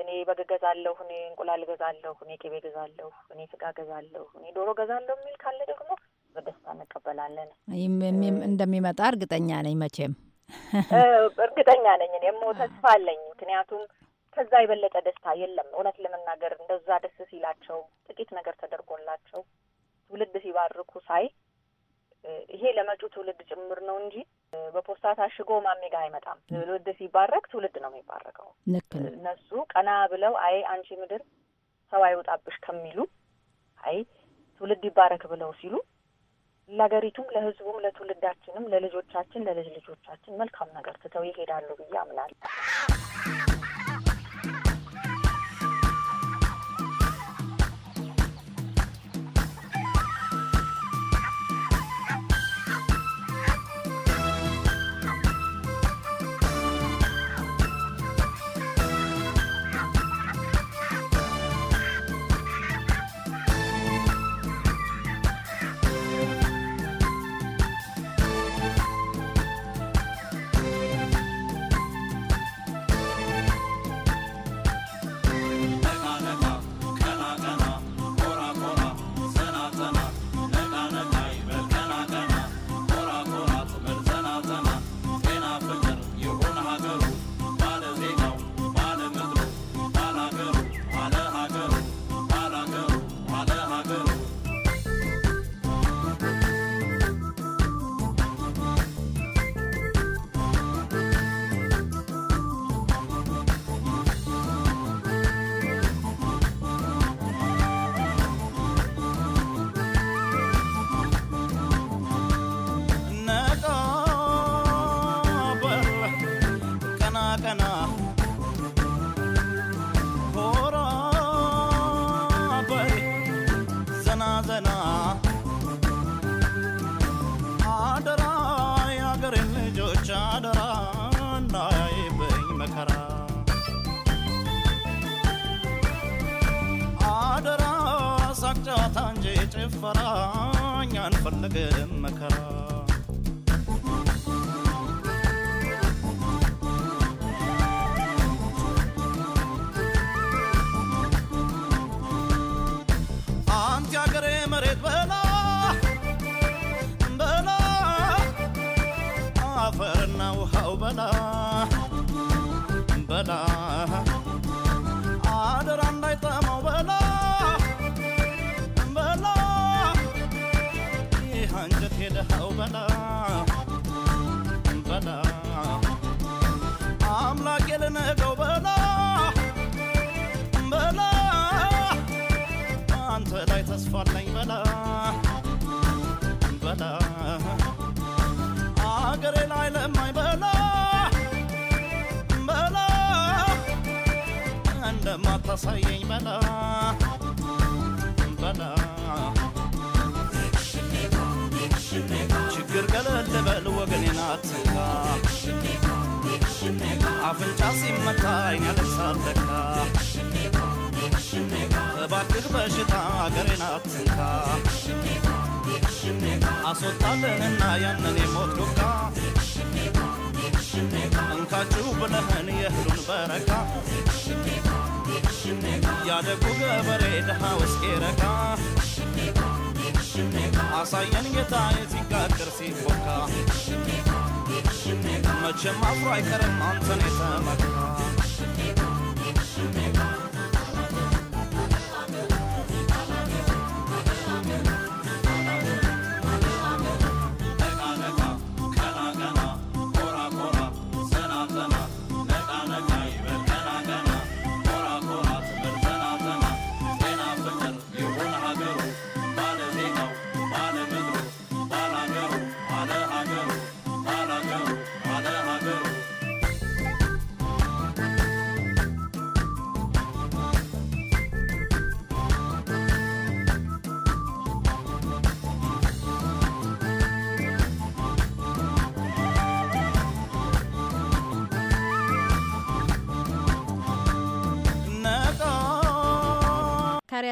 እኔ በግ ገዛለሁ እኔ እንቁላል ገዛለሁ እኔ ቅቤ ገዛለሁ፣ እኔ ስጋ ገዛለሁ እኔ ዶሮ ገዛለሁ የሚል ካለ ደግሞ በደስታ እንቀበላለን። እንደሚመጣ እርግጠኛ ነኝ። መቼም እርግጠኛ ነኝ። እኔም ተስፋ አለኝ። ምክንያቱም ከዛ የበለጠ ደስታ የለም። እውነት ለመናገር እንደዛ ደስ ሲላቸው ጥቂት ነገር ተደርጎላቸው ትውልድ ሲባርኩ ሳይ ይሄ ለመጪው ትውልድ ጭምር ነው እንጂ በፖስታ ታሽጎ ማሜ ጋር አይመጣም። ትውልድ ሲባረክ ትውልድ ነው የሚባረከው። እነሱ ቀና ብለው አይ አንቺ ምድር ሰው አይወጣብሽ ከሚሉ አይ ትውልድ ይባረክ ብለው ሲሉ ለሀገሪቱም፣ ለሕዝቡም፣ ለትውልዳችንም፣ ለልጆቻችን፣ ለልጅ ልጆቻችን መልካም ነገር ትተው ይሄዳሉ ብዬ አምናለሁ። አሳየኝ በላ በላ ችግር ገለል በል ወገኔን አትንካ አፍንጫ ሲመታ አይን ያለቅሳል ለካ እባክህ በሽታ አገሬን አትንካ አስወጣልንና ያንን የሞት ዱካ እንካችሁ ብለህን የእህሉን በረካ ያደጉ ገበሬ ድሃው እስኪረካ አሳየን ጌታዬ ሲጋገር ሲቦካ መቼም አፍሮ አይቀርም አንተን የተመካ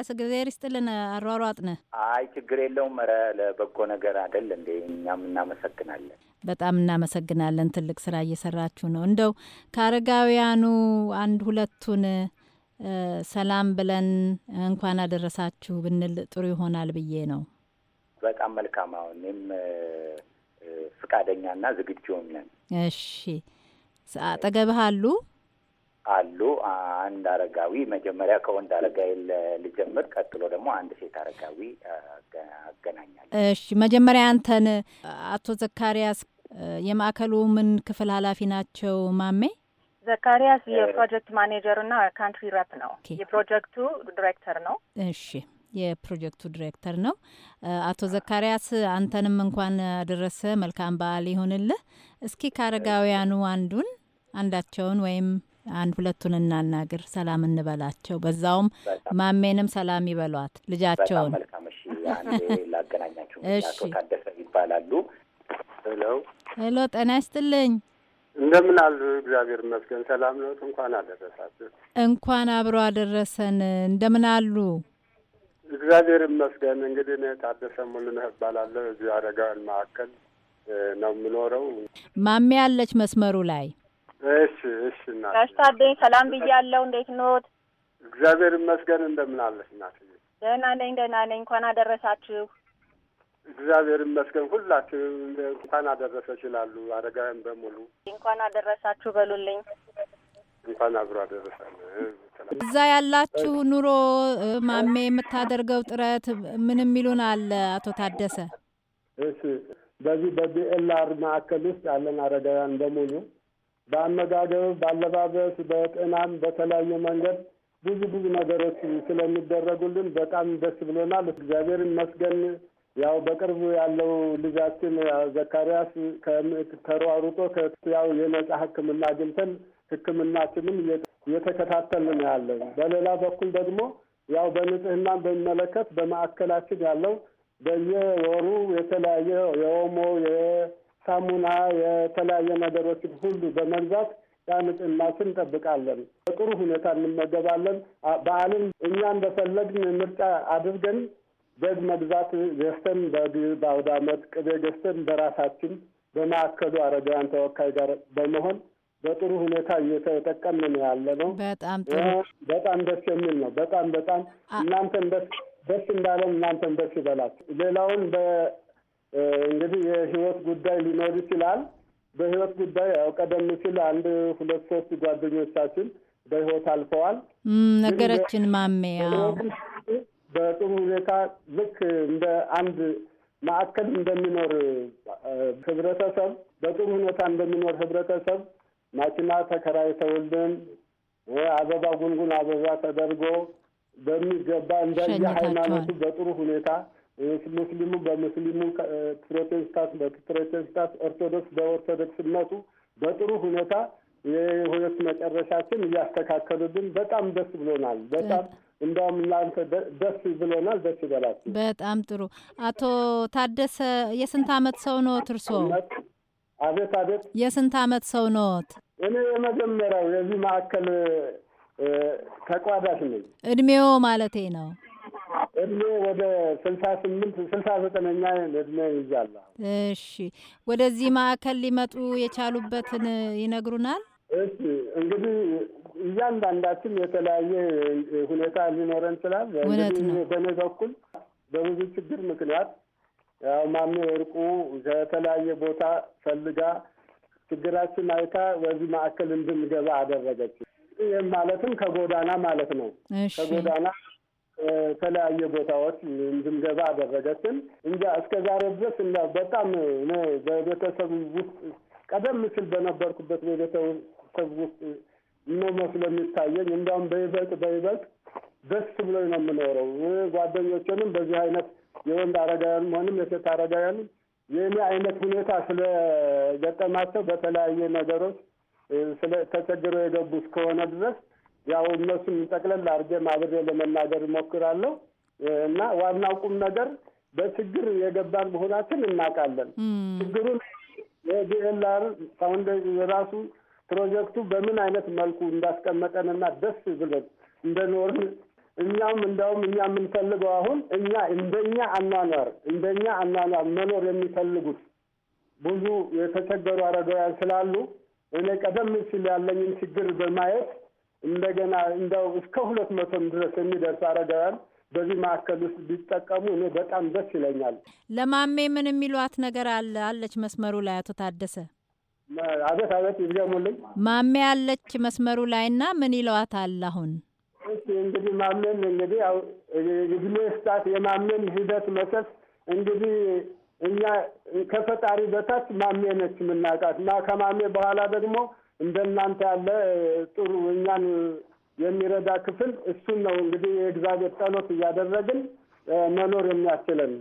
ኤልያስ እግዚአብሔር ይስጥልን። አሯሯጥነ አይ ችግር የለውም። ኧረ ለበጎ ነገር አይደል እንዴ? እኛም እናመሰግናለን። በጣም እናመሰግናለን። ትልቅ ስራ እየሰራችሁ ነው። እንደው ከአረጋውያኑ አንድ ሁለቱን ሰላም ብለን እንኳን አደረሳችሁ ብንል ጥሩ ይሆናል ብዬ ነው። በጣም መልካም። አሁን እኔም ፍቃደኛና ዝግጁ ነን። እሺ አጠገብህ አሉ አሉ። አንድ አረጋዊ መጀመሪያ ከወንድ አረጋዊ ልጀምር፣ ቀጥሎ ደግሞ አንድ ሴት አረጋዊ አገናኛለሁ። እሺ፣ መጀመሪያ አንተን አቶ ዘካሪያስ የማዕከሉ ምን ክፍል ኃላፊ ናቸው? ማሜ ዘካሪያስ የፕሮጀክት ማኔጀር እና ካንትሪ ረፕ ነው። የፕሮጀክቱ ዲሬክተር ነው። እሺ የፕሮጀክቱ ዲሬክተር ነው። አቶ ዘካሪያስ አንተንም እንኳን አደረሰ። መልካም በዓል ይሁንልህ። እስኪ ከአረጋውያኑ አንዱን አንዳቸውን ወይም አንድ ሁለቱን እናናግር፣ ሰላም እንበላቸው። በዛውም ማሜንም ሰላም ይበሏት ልጃቸውን። እሺ፣ ታደሰ ይባላሉ። ሄሎ ሄሎ፣ ጤና ይስጥልኝ። እንደምን አሉ? እግዚአብሔር ይመስገን ሰላም ነው። እንኳን አደረሳችሁ። እንኳን አብሮ አደረሰን። እንደምን አሉ? እግዚአብሔር ይመስገን። እንግዲህ እኔ ታደሰ ሙሉነህ እባላለሁ። እዚህ አረጋውያን ማዕከል ነው የምኖረው። ማሜ አለች መስመሩ ላይ እሺ እሺ። እናት ጋሽታብኝ ሰላም ብያለሁ። እንዴት ኖት? እግዚአብሔር ይመስገን። እንደምን አለሽ እናት? ደህና ነኝ፣ ደህና ነኝ። እንኳን አደረሳችሁ። እግዚአብሔር ይመስገን። ሁላችሁ እንኳን አደረሰ ይችላሉ። አረጋውያን በሙሉ። እንኳን አደረሳችሁ በሉልኝ። እንኳን አብሮ አደረሳለ። እዛ ያላችሁ ኑሮ ማሜ የምታደርገው ጥረት ምንም ይሉን አለ አቶ ታደሰ? እሺ በዚህ በዲኤልአር ማዕከል ውስጥ ያለን አረጋውያን በሙሉ በአመጋገብ፣ በአለባበስ፣ በጤናም በተለያየ መንገድ ብዙ ብዙ ነገሮች ስለሚደረጉልን በጣም ደስ ብሎናል። እግዚአብሔር ይመስገን። ያው በቅርብ ያለው ልጃችን ዘካሪያስ ተሯሩጦ ያው የነጻ ሕክምና አግኝተን ሕክምናችንም እየተከታተልን ያለው። በሌላ በኩል ደግሞ ያው በንጽህና በሚመለከት በማዕከላችን ያለው በየወሩ የተለያየ የኦሞ ሳሙና፣ የተለያየ ነገሮችን ሁሉ በመግዛት ያን እንጠብቃለን። በጥሩ ሁኔታ እንመገባለን። በዓልን እኛ እንደፈለግን ምርጫ አድርገን በግ መግዛት ገዝተን በግ በአውደ ዓመት ቅቤ ገዝተን በራሳችን በማዕከሉ አረጋውያን ተወካይ ጋር በመሆን በጥሩ ሁኔታ እየተጠቀምን ነው ያለ ነው። በጣም ጥሩ በጣም ደስ የሚል ነው። በጣም በጣም እናንተን ደስ ደስ እንዳለን እናንተን ደስ ይበላችሁ። ሌላውን እንግዲህ የህይወት ጉዳይ ሊኖር ይችላል። በህይወት ጉዳይ ያው ቀደም ሲል አንድ ሁለት ሶስት ጓደኞቻችን በህይወት አልፈዋል። ነገረችን ማሜያ በጥሩ ሁኔታ ልክ እንደ አንድ ማዕከል እንደሚኖር ህብረተሰብ በጥሩ ሁኔታ እንደሚኖር ህብረተሰብ ማኪና ተከራይተውልን አበባ ጉንጉን አበባ ተደርጎ በሚገባ እንደየ ሃይማኖቱ በጥሩ ሁኔታ ሙስሊሙ በሙስሊሙ ፕሮቴስታንት በፕሮቴስታንት ኦርቶዶክስ በኦርቶዶክስነቱ በጥሩ ሁኔታ የሁለት መጨረሻችን እያስተካከሉልን በጣም ደስ ብሎናል። በጣም እንደውም እናንተ ደስ ብሎናል። ደስ ይበላችሁ። በጣም ጥሩ። አቶ ታደሰ የስንት አመት ሰው ኖት እርሶ? አቤት አቤት። የስንት አመት ሰው ኖት? እኔ የመጀመሪያው የዚህ ማዕከል ተቋዳሽ ነኝ። እድሜዎ ማለቴ ነው። እድሜ ወደ ስልሳ ስምንት ስልሳ ዘጠነኛ እድሜ እሺ፣ ወደዚህ ማዕከል ሊመጡ የቻሉበትን ይነግሩናል። እሺ፣ እንግዲህ እያንዳንዳችን የተለያየ ሁኔታ ሊኖረን ይችላል። እንግዲህ በእኔ በኩል በብዙ ችግር ምክንያት ያው ማሜ ወርቁ ከተለያየ ቦታ ፈልጋ ችግራችን አይታ በዚህ ማዕከል እንድንገባ አደረገች። ይህም ማለትም ከጎዳና ማለት ነው ከጎዳና ተለያየ ቦታዎች ዝምገባ አደረገችን እንጂ እስከ ዛሬ ድረስ በጣም በቤተሰብ ውስጥ ቀደም ሲል በነበርኩበት በቤተሰብ ውስጥ ነው መስሎ የሚታየኝ። እንዲያውም በይበልጥ በይበልጥ ደስ ብሎኝ ነው የምኖረው። ጓደኞችንም በዚህ አይነት የወንድ አረጋያን ሆንም የሴት አረጋያን የእኔ አይነት ሁኔታ ስለገጠማቸው በተለያየ ነገሮች ተቸግረው የገቡ እስከሆነ ድረስ ያው እነሱን ጠቅለል አድርጌ ማብሬ ለመናገር እሞክራለሁ እና ዋናው ቁም ነገር በችግር የገባን መሆናችን እናውቃለን። ችግሩን የዲኤልአር ሳሁን የራሱ ፕሮጀክቱ በምን አይነት መልኩ እንዳስቀመጠንና ደስ ብለን እንደኖርን እኛም እንዲያውም እኛ የምንፈልገው አሁን እኛ እንደኛ አኗኗር እንደኛ አኗኗር መኖር የሚፈልጉት ብዙ የተቸገሩ አረጋውያን ስላሉ እኔ ቀደም ሲል ያለኝን ችግር በማየት እንደገና እንደው እስከ ሁለት መቶም ድረስ የሚደርስ አረጋውያን በዚህ ማዕከል ውስጥ ቢጠቀሙ እኔ በጣም ደስ ይለኛል። ለማሜ ምን የሚሏት ነገር አለ አለች መስመሩ ላይ አቶ ታደሰ አቤት አቤት ይድገሙልኝ። ማሜ አለች መስመሩ ላይ እና ምን ይለዋት አለ አሁን እንግዲህ ማሜን እንግዲህ እድሜ ስጣት የማሜን ሂደት መሰስ እንግዲህ እኛ ከፈጣሪ በታች ማሜ ነች የምናውቃት እና ከማሜ በኋላ ደግሞ እንደናንተ ያለ ጥሩ እኛን የሚረዳ ክፍል እሱን ነው እንግዲህ የእግዚአብሔር ጸሎት እያደረግን መኖር የሚያስችለን።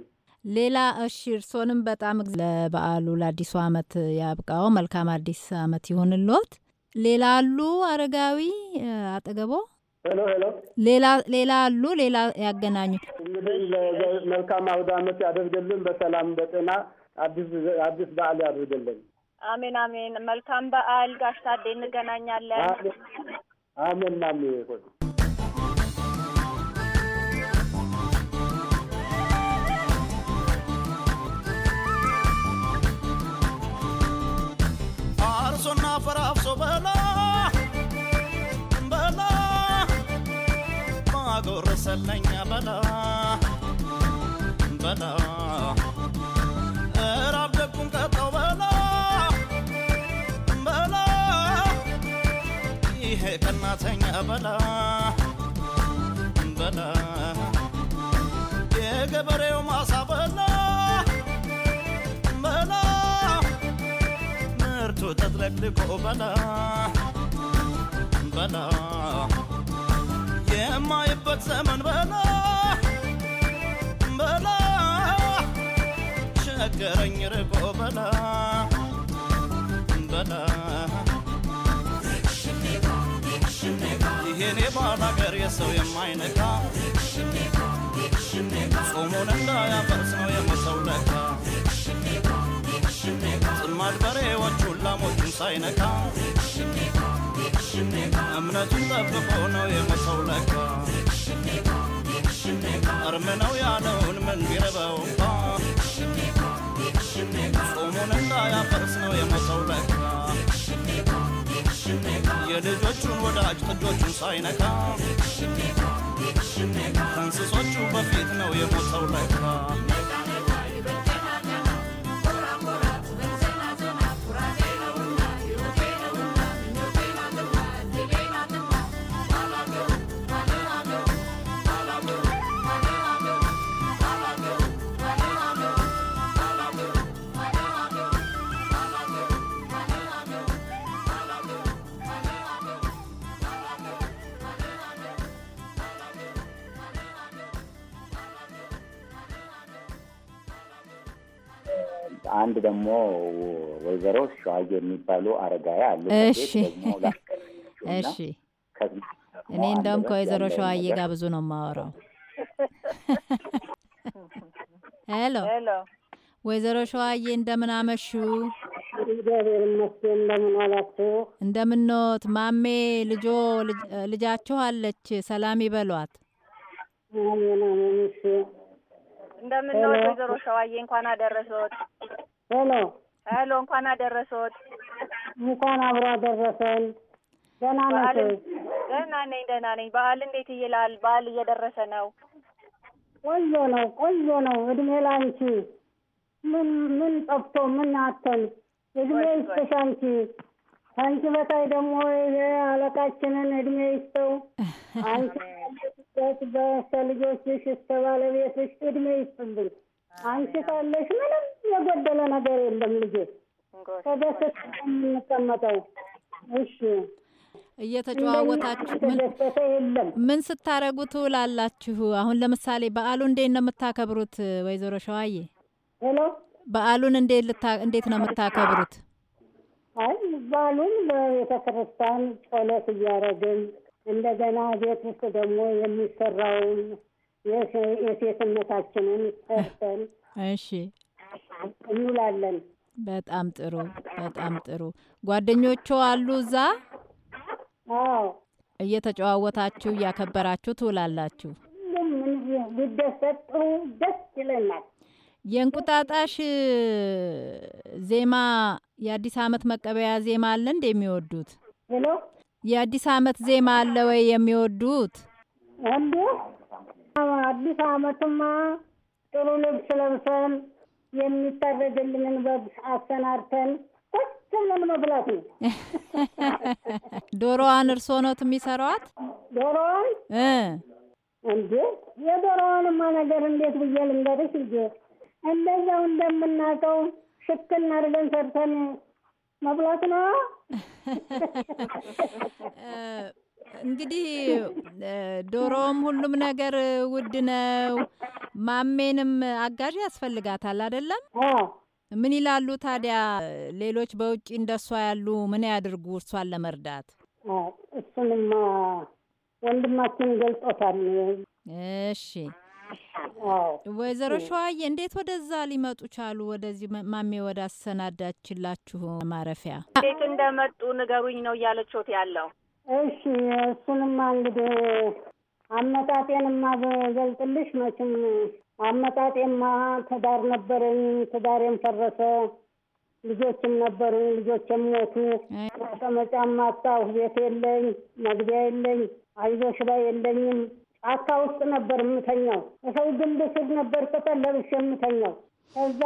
ሌላ እሺ፣ እርሶንም በጣም ለበዓሉ ለአዲሱ አመት ያብቃው። መልካም አዲስ አመት ይሆንልዎት። ሌላ አሉ አረጋዊ አጠገቦ? ሄሎ ሄሎ፣ ሌላ ሌላ አሉ ሌላ ያገናኙ። እንግዲህ መልካም አውደ አመት ያደርግልን፣ በሰላም በጤና አዲስ አዲስ በዓል ያደርግልን። አሜን አሜን። መልካም በዓል ጋሽ ታዴ፣ እንገናኛለን። አሜን አሜን። አርሶና ፈራፍሶ በላ በላ ማጎረሰለኛ በላ በላ ተኛ በላ በላ የገበሬው ማሳ በላ በላ ምርቱ ተጥለቅልቆ በላ በላ የማይበት ዘመን በላ በላ ሸገረኝ ርቆ በላ በላ የኔ ባል ሀገር የሰው የማይነካ ጾሙን እንዳያፈርስ ነው የሞተው ለካ ጥማድ በሬዎቹን ላሞቹን ሳይነካ እምነቱን ጠብቆ ነው የሞተው ለካ እርም ነው ያለውን ምን ቢረበው እንኳ ጾሙን እንዳያፈርስ ነው የሞተው ለካ የልጆቹን ወዳጅ ጥጆቹን ሳይነካ ከእንስሶቹ በፊት ነው የሞተው ለካ። ደግሞ ወይዘሮ ሸዋዬ የሚባሉ አረጋዊ አሉ። እሺ፣ እሺ። እኔ እንደውም ከወይዘሮ ሸዋዬ ጋር ብዙ ነው የማወራው። ሄሎ፣ ወይዘሮ ሸዋዬ እንደምን አመሹ? እግዚአብሔር ይመስገን። እንደምን ዋላችሁ? እንደምንኖት ማሜ ልጆ ልጃችሁ አለች። ሰላም ይበሏት። እንደምንኖት ወይዘሮ ሸዋዬ እንኳን አደረሰዎት። ሄሎ ሄሎ፣ እንኳን አደረሰዎት። እንኳን አብሮ አደረሰን። ደህና ነሽ? ደህና ነኝ፣ ደህና ነኝ። በዓል እንዴት ይላል? በዓል እየደረሰ ነው። ቆንጆ ነው፣ ቆንጆ ነው። እድሜ ላንቺ። ምን ምን ጠፍቶ ምን አተን እድሜ ይስጥሽ አንቺ ከአንቺ በታይ ደግሞ አለቃችንን እድሜ ይስጠው። አንቺ በስተ ልጆችሽ እስከ ባለቤትሽ እድሜ ይስጥብን። አንቺ ካለሽ ምንም የጎደለ ነገር የለም። ልጄ ተደስተ የምንቀመጠው እሺ። እየተጨዋወታችሁ ምን ስታረጉ ትውላላችሁ? አሁን ለምሳሌ በዓሉ እንዴት ነው የምታከብሩት? ወይዘሮ ሸዋዬ ሄሎ፣ በዓሉን እንዴት ነው የምታከብሩት? አይ በዓሉን በቤተ ክርስቲያን ጸሎት እያደረግን እንደገና ቤት ውስጥ ደግሞ የሚሰራውን የሴትነታችንን ሰርተን እሺ እንውላለን። በጣም ጥሩ በጣም ጥሩ። ጓደኞቹ አሉ እዛ? አዎ። እየተጨዋወታችሁ እያከበራችሁ ትውላላችሁ። ሁሉም ጥሩ ደስ ይለናል። የእንቁጣጣሽ ዜማ የአዲስ አመት መቀበያ ዜማ አለ እንደ የሚወዱት? ሄሎ የአዲስ አመት ዜማ አለ ወይ የሚወዱት? እንዴ አዲስ አመትማ ጥሩ ልብስ ለብሰን የሚታረድልንን በግ አሰናድተን ቁጭ ብለን መብላት ነው። ዶሮዋን እርሶ ኖት የሚሰራዋት? ዶሮዋን እንዴ የዶሮዋንማ ነገር እንዴት ብዬ ልንገርሽ ልጄ። እንደዛው እንደምናውቀው ሽክል አድርገን ሰርተን መብላት ነው። እንግዲህ ዶሮም ሁሉም ነገር ውድ ነው። ማሜንም አጋዥ ያስፈልጋታል አይደለም? ምን ይላሉ ታዲያ ሌሎች በውጭ እንደሷ ያሉ ምን ያድርጉ እርሷን ለመርዳት? እሱንማ ወንድማችን ገልጾታል። እሺ ወይዘሮ ሸዋዬ እንዴት ወደዛ ሊመጡ ቻሉ? ወደዚህ ማሜ ወደ አሰናዳችላችሁ ማረፊያ እንዴት እንደመጡ ንገሩኝ ነው እያለችት ያለው እሺ እሱንማ እንግዲህ አመጣጤንማ በገልጥልሽ መቼም አመጣጤማ ትዳር ነበረኝ፣ ትዳሬም ፈረሰ። ልጆችም ነበሩኝ፣ ልጆችም ሞቱ። መቀመጫም አጣሁ፣ ቤት የለኝ፣ መግቢያ የለኝ፣ አይዞሽ ላይ የለኝም። ጫካ ውስጥ ነበር የምተኛው፣ ሰው ግንድ ስር ነበር ቅጠል ለብሼ የምተኛው። ከዛ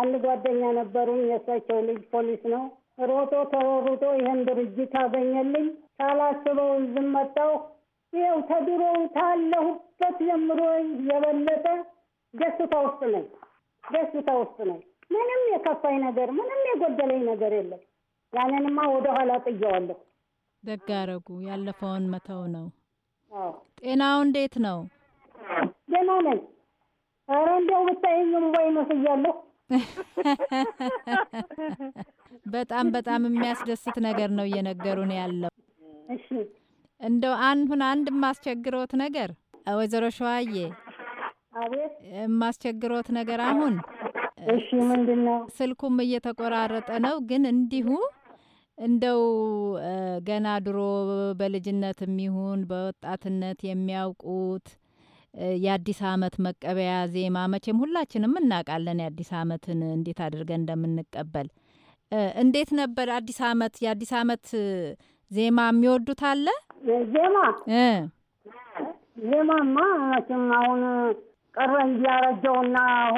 አንድ ጓደኛ ነበሩኝ፣ የእሳቸው ልጅ ፖሊስ ነው ሮጦ ተሮሩጦ ይህን ድርጅት አገኘልኝ። ሳላስበው ዝም መጣሁ። ይኸው ተድሮው ታለሁበት ጀምሮ የበለጠ ደስታ ውስጥ ነኝ። ደስታ ውስጥ ነኝ። ምንም የከፋኝ ነገር ምንም የጎደለኝ ነገር የለም። ያንንማ ወደኋላ ጥየዋለሁ። ደጋረጉ! ያለፈውን መተው ነው። ጤናው እንዴት ነው? ደህና ነኝ። ኧረ እንደው ብታይኝ እምቧይ መስያለሁ። በጣም በጣም የሚያስደስት ነገር ነው እየነገሩን ያለው። እንደው አንሁን አንድ የማስቸግሮት ነገር ወይዘሮ ሸዋዬ የማስቸግሮት ነገር አሁን እሺ፣ ምንድን ነው? ስልኩም እየተቆራረጠ ነው፣ ግን እንዲሁ እንደው ገና ድሮ በልጅነት የሚሆን በወጣትነት የሚያውቁት የአዲስ አመት መቀበያ ዜማ መቼም ሁላችንም እናውቃለን፣ የአዲስ አመትን እንዴት አድርገን እንደምንቀበል። እንዴት ነበር አዲስ አመት የአዲስ አመት ዜማ የሚወዱት አለ? ዜማ ዜማማ መቼም አሁን ቀረ እንጂ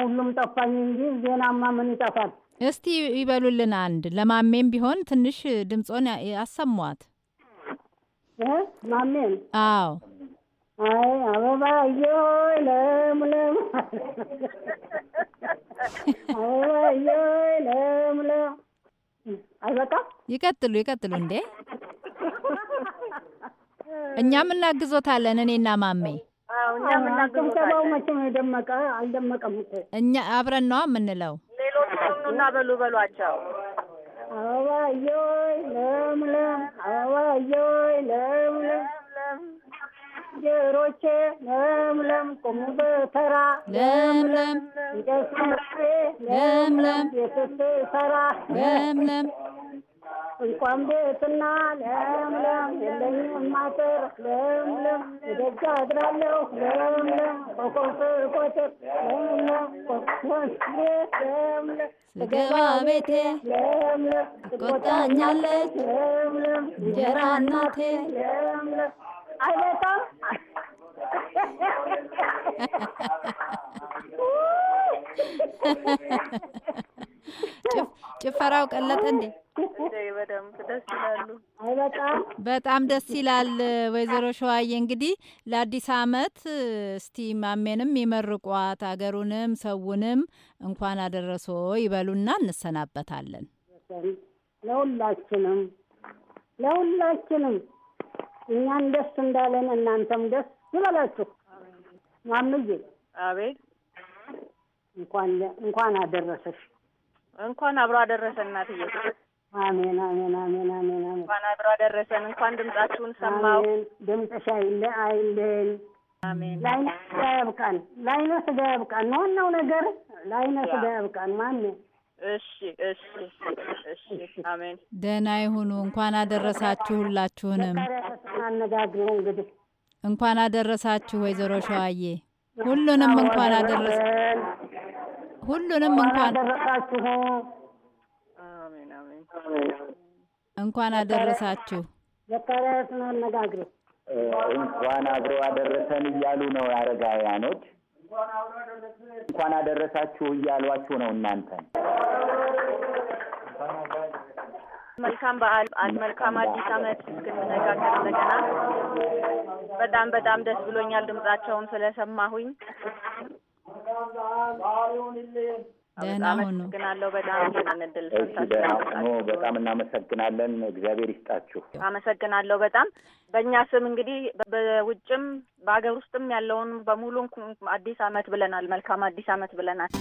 ሁሉም ጠፋኝ እንጂ ዜናማ ምን ይጠፋል? እስቲ ይበሉልን አንድ። ለማሜም ቢሆን ትንሽ ድምፆን አሰሟት። ማሜም አዎ አይ ለምለም አበባ ለምለም አልበቃም። ይቀጥሉ ይቀጥሉ። እንዴ እኛም እናግዞታለን። እኔና ማሜ ስብሰባው መቼ የደመቀ? አልደመቀም እኛ አብረን ነዋ የምንለው። ሌሎች በሉ በሏቸው። ለምለም እግሮቼ ለምለም ቆሙ በተራ ለምለም እንደስሜ ለምለም የተሰራ ለምለም እንኳን ቤትና ለምለም የለኝም ማጥር ለምለም የደጃ አድራለሁ ለምለም በኮንፍ ቆጥር ለምለም ቆስሌ ለምለም ስገባ ቤቴ ለምለም ትቆጣኛለች ለምለም እንጀራ እናቴ ለምለም አይበጣም ጭፈራው ቀለጠ እንዴ? በጣም ደስ ይላል። ወይዘሮ ሸዋዬ እንግዲህ ለአዲስ አመት እስቲ ማሜንም ይመርቋት፣ አገሩንም ሰውንም እንኳን አደረሶ ይበሉና እንሰናበታለን። ለሁላችንም ለሁላችንም እኛን ደስ እንዳለን እናንተም ደስ ይበላችሁ። ማምዬ አቤት። እንኳን እንኳን አደረሰሽ። እንኳን አብሮ አደረሰን እናትዬ። አሜን አሜን አሜን አሜን እንኳን አብሮ አደረሰን። እንኳን ድምጻችሁን ሰማው። ድምጽሽ አይለ አይለን ላይነ ስጋ ያብቃን። ላይነ ስጋ ያብቃን። ዋናው ነገር ላይነ ስጋ ያብቃን። ማን እሺ እሺ እሺ። አሜን። ደህና ይሁኑ። እንኳን አደረሳችሁ ሁላችሁንም። አነጋግረው እንግዲህ እንኳን አደረሳችሁ ወይዘሮ ሸዋዬ። ሁሉንም እንኳን አደረሰ ሁሉንም እንኳን አደረሳችሁ። እንኳን አደረሳችሁ። እንኳን አብሮ አደረሰን እያሉ ነው አረጋውያኖች። እንኳን አደረሳችሁ እያሏችሁ ነው እናንተን። መልካም በዓል፣ መልካም አዲስ ዓመት። እስክንነጋገር እንደገና በጣም በጣም ደስ ብሎኛል ድምጻቸውን ስለሰማሁኝ። ደህና ሁኑ። በጣም እናመሰግናለን። እግዚአብሔር ይስጣችሁ። አመሰግናለሁ በጣም በእኛ ስም እንግዲህ በውጭም በሀገር ውስጥም ያለውን በሙሉ አዲስ አመት ብለናል። መልካም አዲስ አመት ብለናል።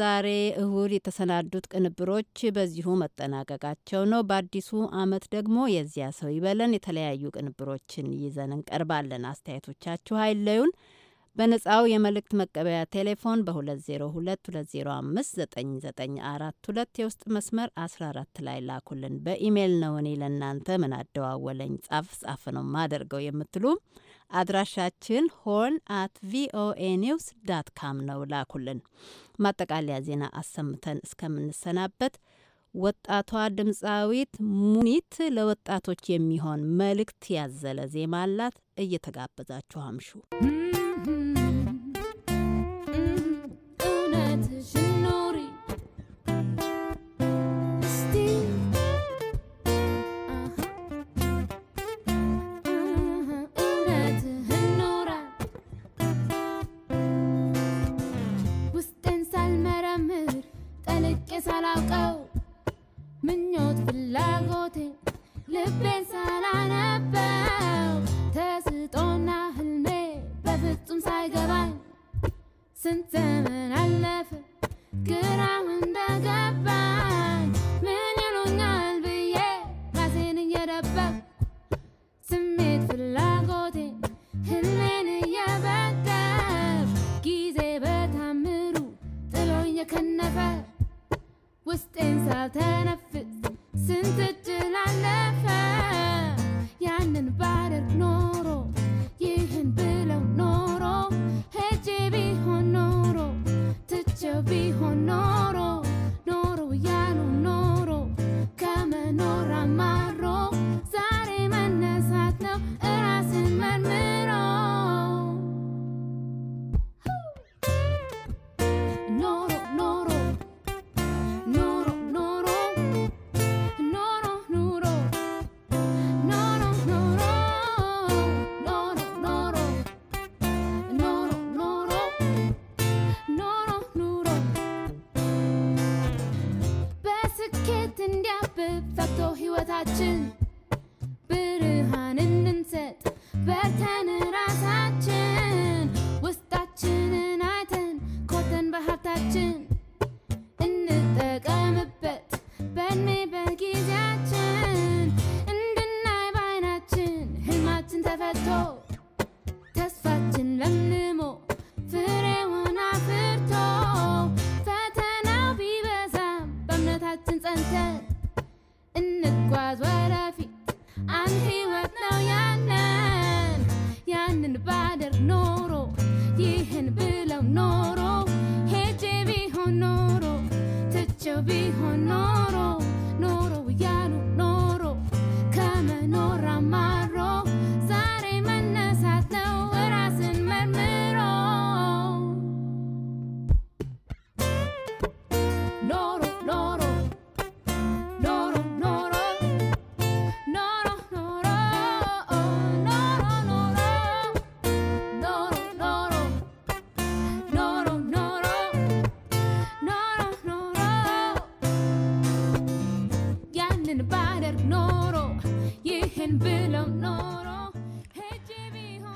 ዛሬ እሁድ የተሰናዱት ቅንብሮች በዚሁ መጠናቀቃቸው ነው። በአዲሱ አመት ደግሞ የዚያ ሰው ይበለን የተለያዩ ቅንብሮችን ይዘን እንቀርባለን። አስተያየቶቻችሁ አይለዩን። በነጻው የመልእክት መቀበያ ቴሌፎን በ2022059942 የውስጥ መስመር 14 ላይ ላኩልን። በኢሜይል ነው እኔ ለእናንተ ምን አደዋወለኝ ጻፍ ጻፍ ነው ማደርገው የምትሉ አድራሻችን ሆርን አት ቪኦኤ ኒውስ ዳት ካም ነው። ላኩልን። ማጠቃለያ ዜና አሰምተን እስከምንሰናበት ወጣቷ ድምፃዊት ሙኒት ለወጣቶች የሚሆን መልእክት ያዘለ ዜማ አላት። እየተጋበዛችሁ አምሹ። ሳላውቀው ምኞት ፍላጎቴ ልቤን ሳላነበው ተስጦና ህልሜ በፍጹም ሳይገባኝ ስንት ዘመን አለፈ ግራ እንደገባኝ ዘጠኝ ሳልተነፍስ ስንት እድል አለፈ ያንን ባደርግ ኖሮ ይህን ብለው ኖሮ ሄጄ ቢሆን ኖሮ ትቼው ቢሆን ኖሮ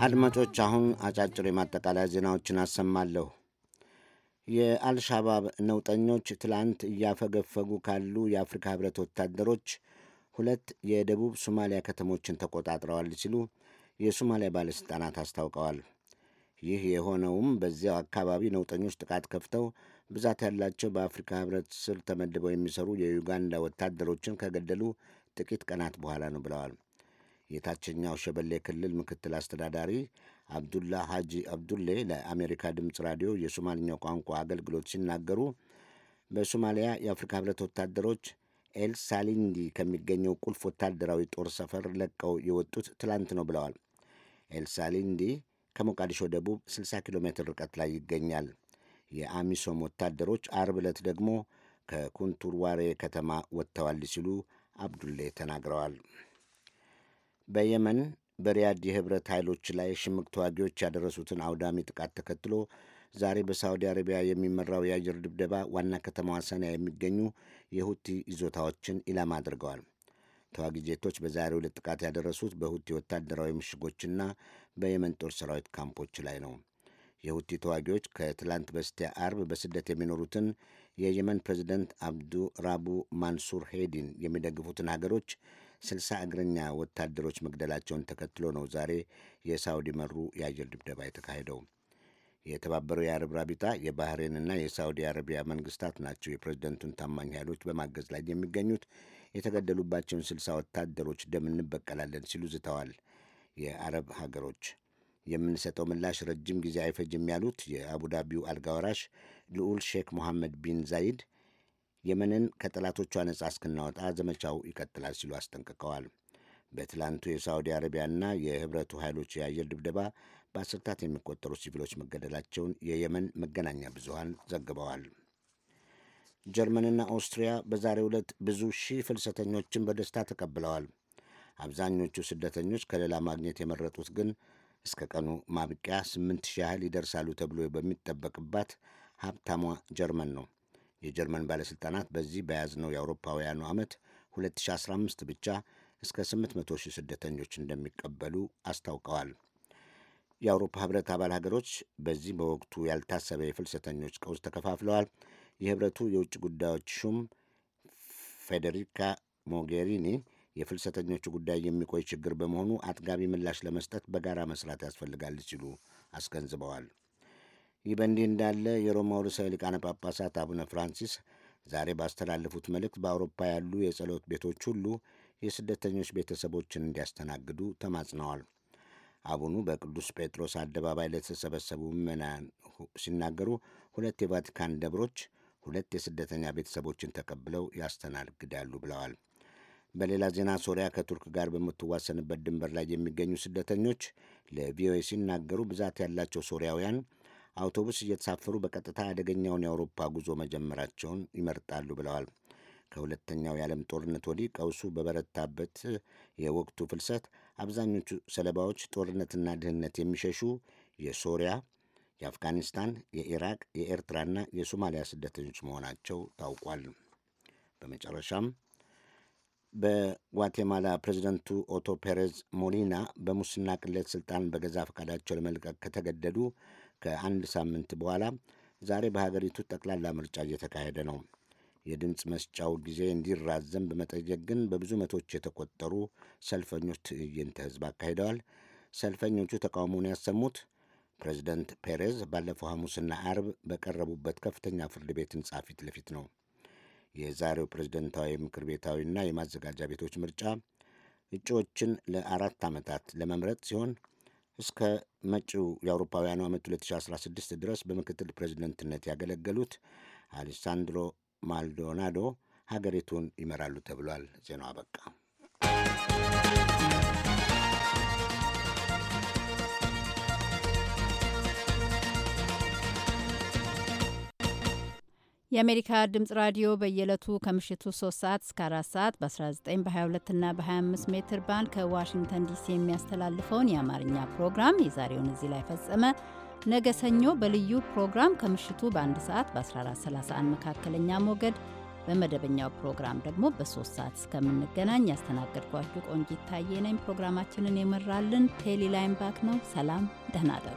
አድማጮች፣ አሁን አጫጭር የማጠቃለያ ዜናዎችን አሰማለሁ። የአልሻባብ ነውጠኞች ትላንት እያፈገፈጉ ካሉ የአፍሪካ ህብረት ወታደሮች ሁለት የደቡብ ሶማሊያ ከተሞችን ተቆጣጥረዋል ሲሉ የሶማሊያ ባለሥልጣናት አስታውቀዋል። ይህ የሆነውም በዚያው አካባቢ ነውጠኞች ጥቃት ከፍተው ብዛት ያላቸው በአፍሪካ ህብረት ስር ተመድበው የሚሰሩ የዩጋንዳ ወታደሮችን ከገደሉ ጥቂት ቀናት በኋላ ነው ብለዋል። የታችኛው ሸበሌ ክልል ምክትል አስተዳዳሪ አብዱላ ሐጂ አብዱሌ ለአሜሪካ ድምፅ ራዲዮ የሶማልኛው ቋንቋ አገልግሎት ሲናገሩ በሶማሊያ የአፍሪካ ህብረት ወታደሮች ኤል ሳሊንዲ ከሚገኘው ቁልፍ ወታደራዊ ጦር ሰፈር ለቀው የወጡት ትላንት ነው ብለዋል። ኤል ሳሊንዲ ከሞቃዲሾ ደቡብ 60 ኪሎ ሜትር ርቀት ላይ ይገኛል። የአሚሶም ወታደሮች አርብ ዕለት ደግሞ ከኩንቱርዋሬ ከተማ ወጥተዋል ሲሉ አብዱሌ ተናግረዋል። በየመን በሪያድ የህብረት ኃይሎች ላይ ሽምቅ ተዋጊዎች ያደረሱትን አውዳሚ ጥቃት ተከትሎ ዛሬ በሳዑዲ አረቢያ የሚመራው የአየር ድብደባ ዋና ከተማዋ ሰንያ የሚገኙ የሁቲ ይዞታዎችን ኢላማ አድርገዋል። ተዋጊ ጄቶች በዛሬው ዕለት ጥቃት ያደረሱት በሁቲ ወታደራዊ ምሽጎችና በየመን ጦር ሰራዊት ካምፖች ላይ ነው። የሁቲ ተዋጊዎች ከትላንት በስቲያ አርብ በስደት የሚኖሩትን የየመን ፕሬዚደንት አብዱ ራቡ ማንሱር ሄዲን የሚደግፉትን ሀገሮች ስልሳ እግረኛ ወታደሮች መግደላቸውን ተከትሎ ነው ዛሬ የሳውዲ መሩ የአየር ድብደባ የተካሄደው። የተባበረው የአረብ ራቢጣ የባህሬንና የሳውዲ አረቢያ መንግስታት ናቸው የፕሬዝደንቱን ታማኝ ኃይሎች በማገዝ ላይ የሚገኙት። የተገደሉባቸውን ስልሳ ወታደሮች ደም እንበቀላለን ሲሉ ዝተዋል። የአረብ ሀገሮች የምንሰጠው ምላሽ ረጅም ጊዜ አይፈጅም ያሉት የአቡዳቢው አልጋወራሽ ልዑል ሼክ ሞሐመድ ቢን ዛይድ የመንን ከጠላቶቿ ነጻ እስክናወጣ ዘመቻው ይቀጥላል ሲሉ አስጠንቅቀዋል። በትላንቱ የሳዑዲ አረቢያና የህብረቱ ኃይሎች የአየር ድብደባ በአስርታት የሚቆጠሩ ሲቪሎች መገደላቸውን የየመን መገናኛ ብዙሃን ዘግበዋል። ጀርመንና ኦስትሪያ በዛሬው ዕለት ብዙ ሺህ ፍልሰተኞችን በደስታ ተቀብለዋል። አብዛኞቹ ስደተኞች ከሌላ ማግኘት የመረጡት ግን እስከ ቀኑ ማብቂያ ስምንት ሺህ ያህል ይደርሳሉ ተብሎ በሚጠበቅባት ሀብታሟ ጀርመን ነው። የጀርመን ባለሥልጣናት በዚህ በያዝነው የአውሮፓውያኑ ዓመት 2015 ብቻ እስከ 800 ሺህ ስደተኞች እንደሚቀበሉ አስታውቀዋል። የአውሮፓ ህብረት አባል ሀገሮች በዚህ በወቅቱ ያልታሰበ የፍልሰተኞች ቀውስ ተከፋፍለዋል። የህብረቱ የውጭ ጉዳዮች ሹም ፌዴሪካ ሞጌሪኒ የፍልሰተኞቹ ጉዳይ የሚቆይ ችግር በመሆኑ አጥጋቢ ምላሽ ለመስጠት በጋራ መስራት ያስፈልጋል ሲሉ አስገንዝበዋል። ይህ በእንዲህ እንዳለ የሮማው ርዕሰ ሊቃነ ጳጳሳት አቡነ ፍራንሲስ ዛሬ ባስተላለፉት መልእክት በአውሮፓ ያሉ የጸሎት ቤቶች ሁሉ የስደተኞች ቤተሰቦችን እንዲያስተናግዱ ተማጽነዋል። አቡኑ በቅዱስ ጴጥሮስ አደባባይ ለተሰበሰቡ ምዕመናን ሲናገሩ ሁለት የቫቲካን ደብሮች ሁለት የስደተኛ ቤተሰቦችን ተቀብለው ያስተናግዳሉ ብለዋል። በሌላ ዜና ሶሪያ ከቱርክ ጋር በምትዋሰንበት ድንበር ላይ የሚገኙ ስደተኞች ለቪኦኤ ሲናገሩ ብዛት ያላቸው ሶሪያውያን አውቶቡስ እየተሳፈሩ በቀጥታ አደገኛውን የአውሮፓ ጉዞ መጀመራቸውን ይመርጣሉ ብለዋል። ከሁለተኛው የዓለም ጦርነት ወዲህ ቀውሱ በበረታበት የወቅቱ ፍልሰት አብዛኞቹ ሰለባዎች ጦርነትና ድህነት የሚሸሹ የሶሪያ፣ የአፍጋኒስታን፣ የኢራቅ፣ የኤርትራና የሶማሊያ ስደተኞች መሆናቸው ታውቋል። በመጨረሻም በጓቴማላ ፕሬዚደንቱ ኦቶ ፔሬዝ ሞሊና በሙስና ቅሌት ስልጣን በገዛ ፈቃዳቸው ለመልቀቅ ከተገደዱ ከአንድ ሳምንት በኋላ ዛሬ በሀገሪቱ ጠቅላላ ምርጫ እየተካሄደ ነው። የድምፅ መስጫው ጊዜ እንዲራዘም በመጠየቅ ግን በብዙ መቶች የተቆጠሩ ሰልፈኞች ትዕይንተ ህዝብ አካሂደዋል። ሰልፈኞቹ ተቃውሞውን ያሰሙት ፕሬዚደንት ፔሬዝ ባለፈው ሐሙስና አርብ በቀረቡበት ከፍተኛ ፍርድ ቤት ህንጻ ፊት ለፊት ነው። የዛሬው ፕሬዝደንታዊ ምክር ቤታዊና የማዘጋጃ ቤቶች ምርጫ እጩዎችን ለአራት ዓመታት ለመምረጥ ሲሆን እስከ መጪው የአውሮፓውያኑ ዓመት 2016 ድረስ በምክትል ፕሬዚደንትነት ያገለገሉት አሌሳንድሮ ማልዶናዶ ሀገሪቱን ይመራሉ ተብሏል። ዜናው አበቃ። የአሜሪካ ድምጽ ራዲዮ በየዕለቱ ከምሽቱ 3 ሰዓት እስከ 4 ሰዓት በ19 በ22 እና በ25 ሜትር ባንድ ከዋሽንግተን ዲሲ የሚያስተላልፈውን የአማርኛ ፕሮግራም የዛሬውን እዚህ ላይ ፈጸመ። ነገ ሰኞ በልዩ ፕሮግራም ከምሽቱ በአንድ ሰዓት በ1431 መካከለኛ ሞገድ በመደበኛው ፕሮግራም ደግሞ በሶስት ሰዓት እስከምንገናኝ ያስተናገድኳችሁ ቆንጂት ታዬ ነኝ። ፕሮግራማችንን የመራልን ቴሊ ላይምባክ ነው። ሰላም፣ ደህና ደሩ።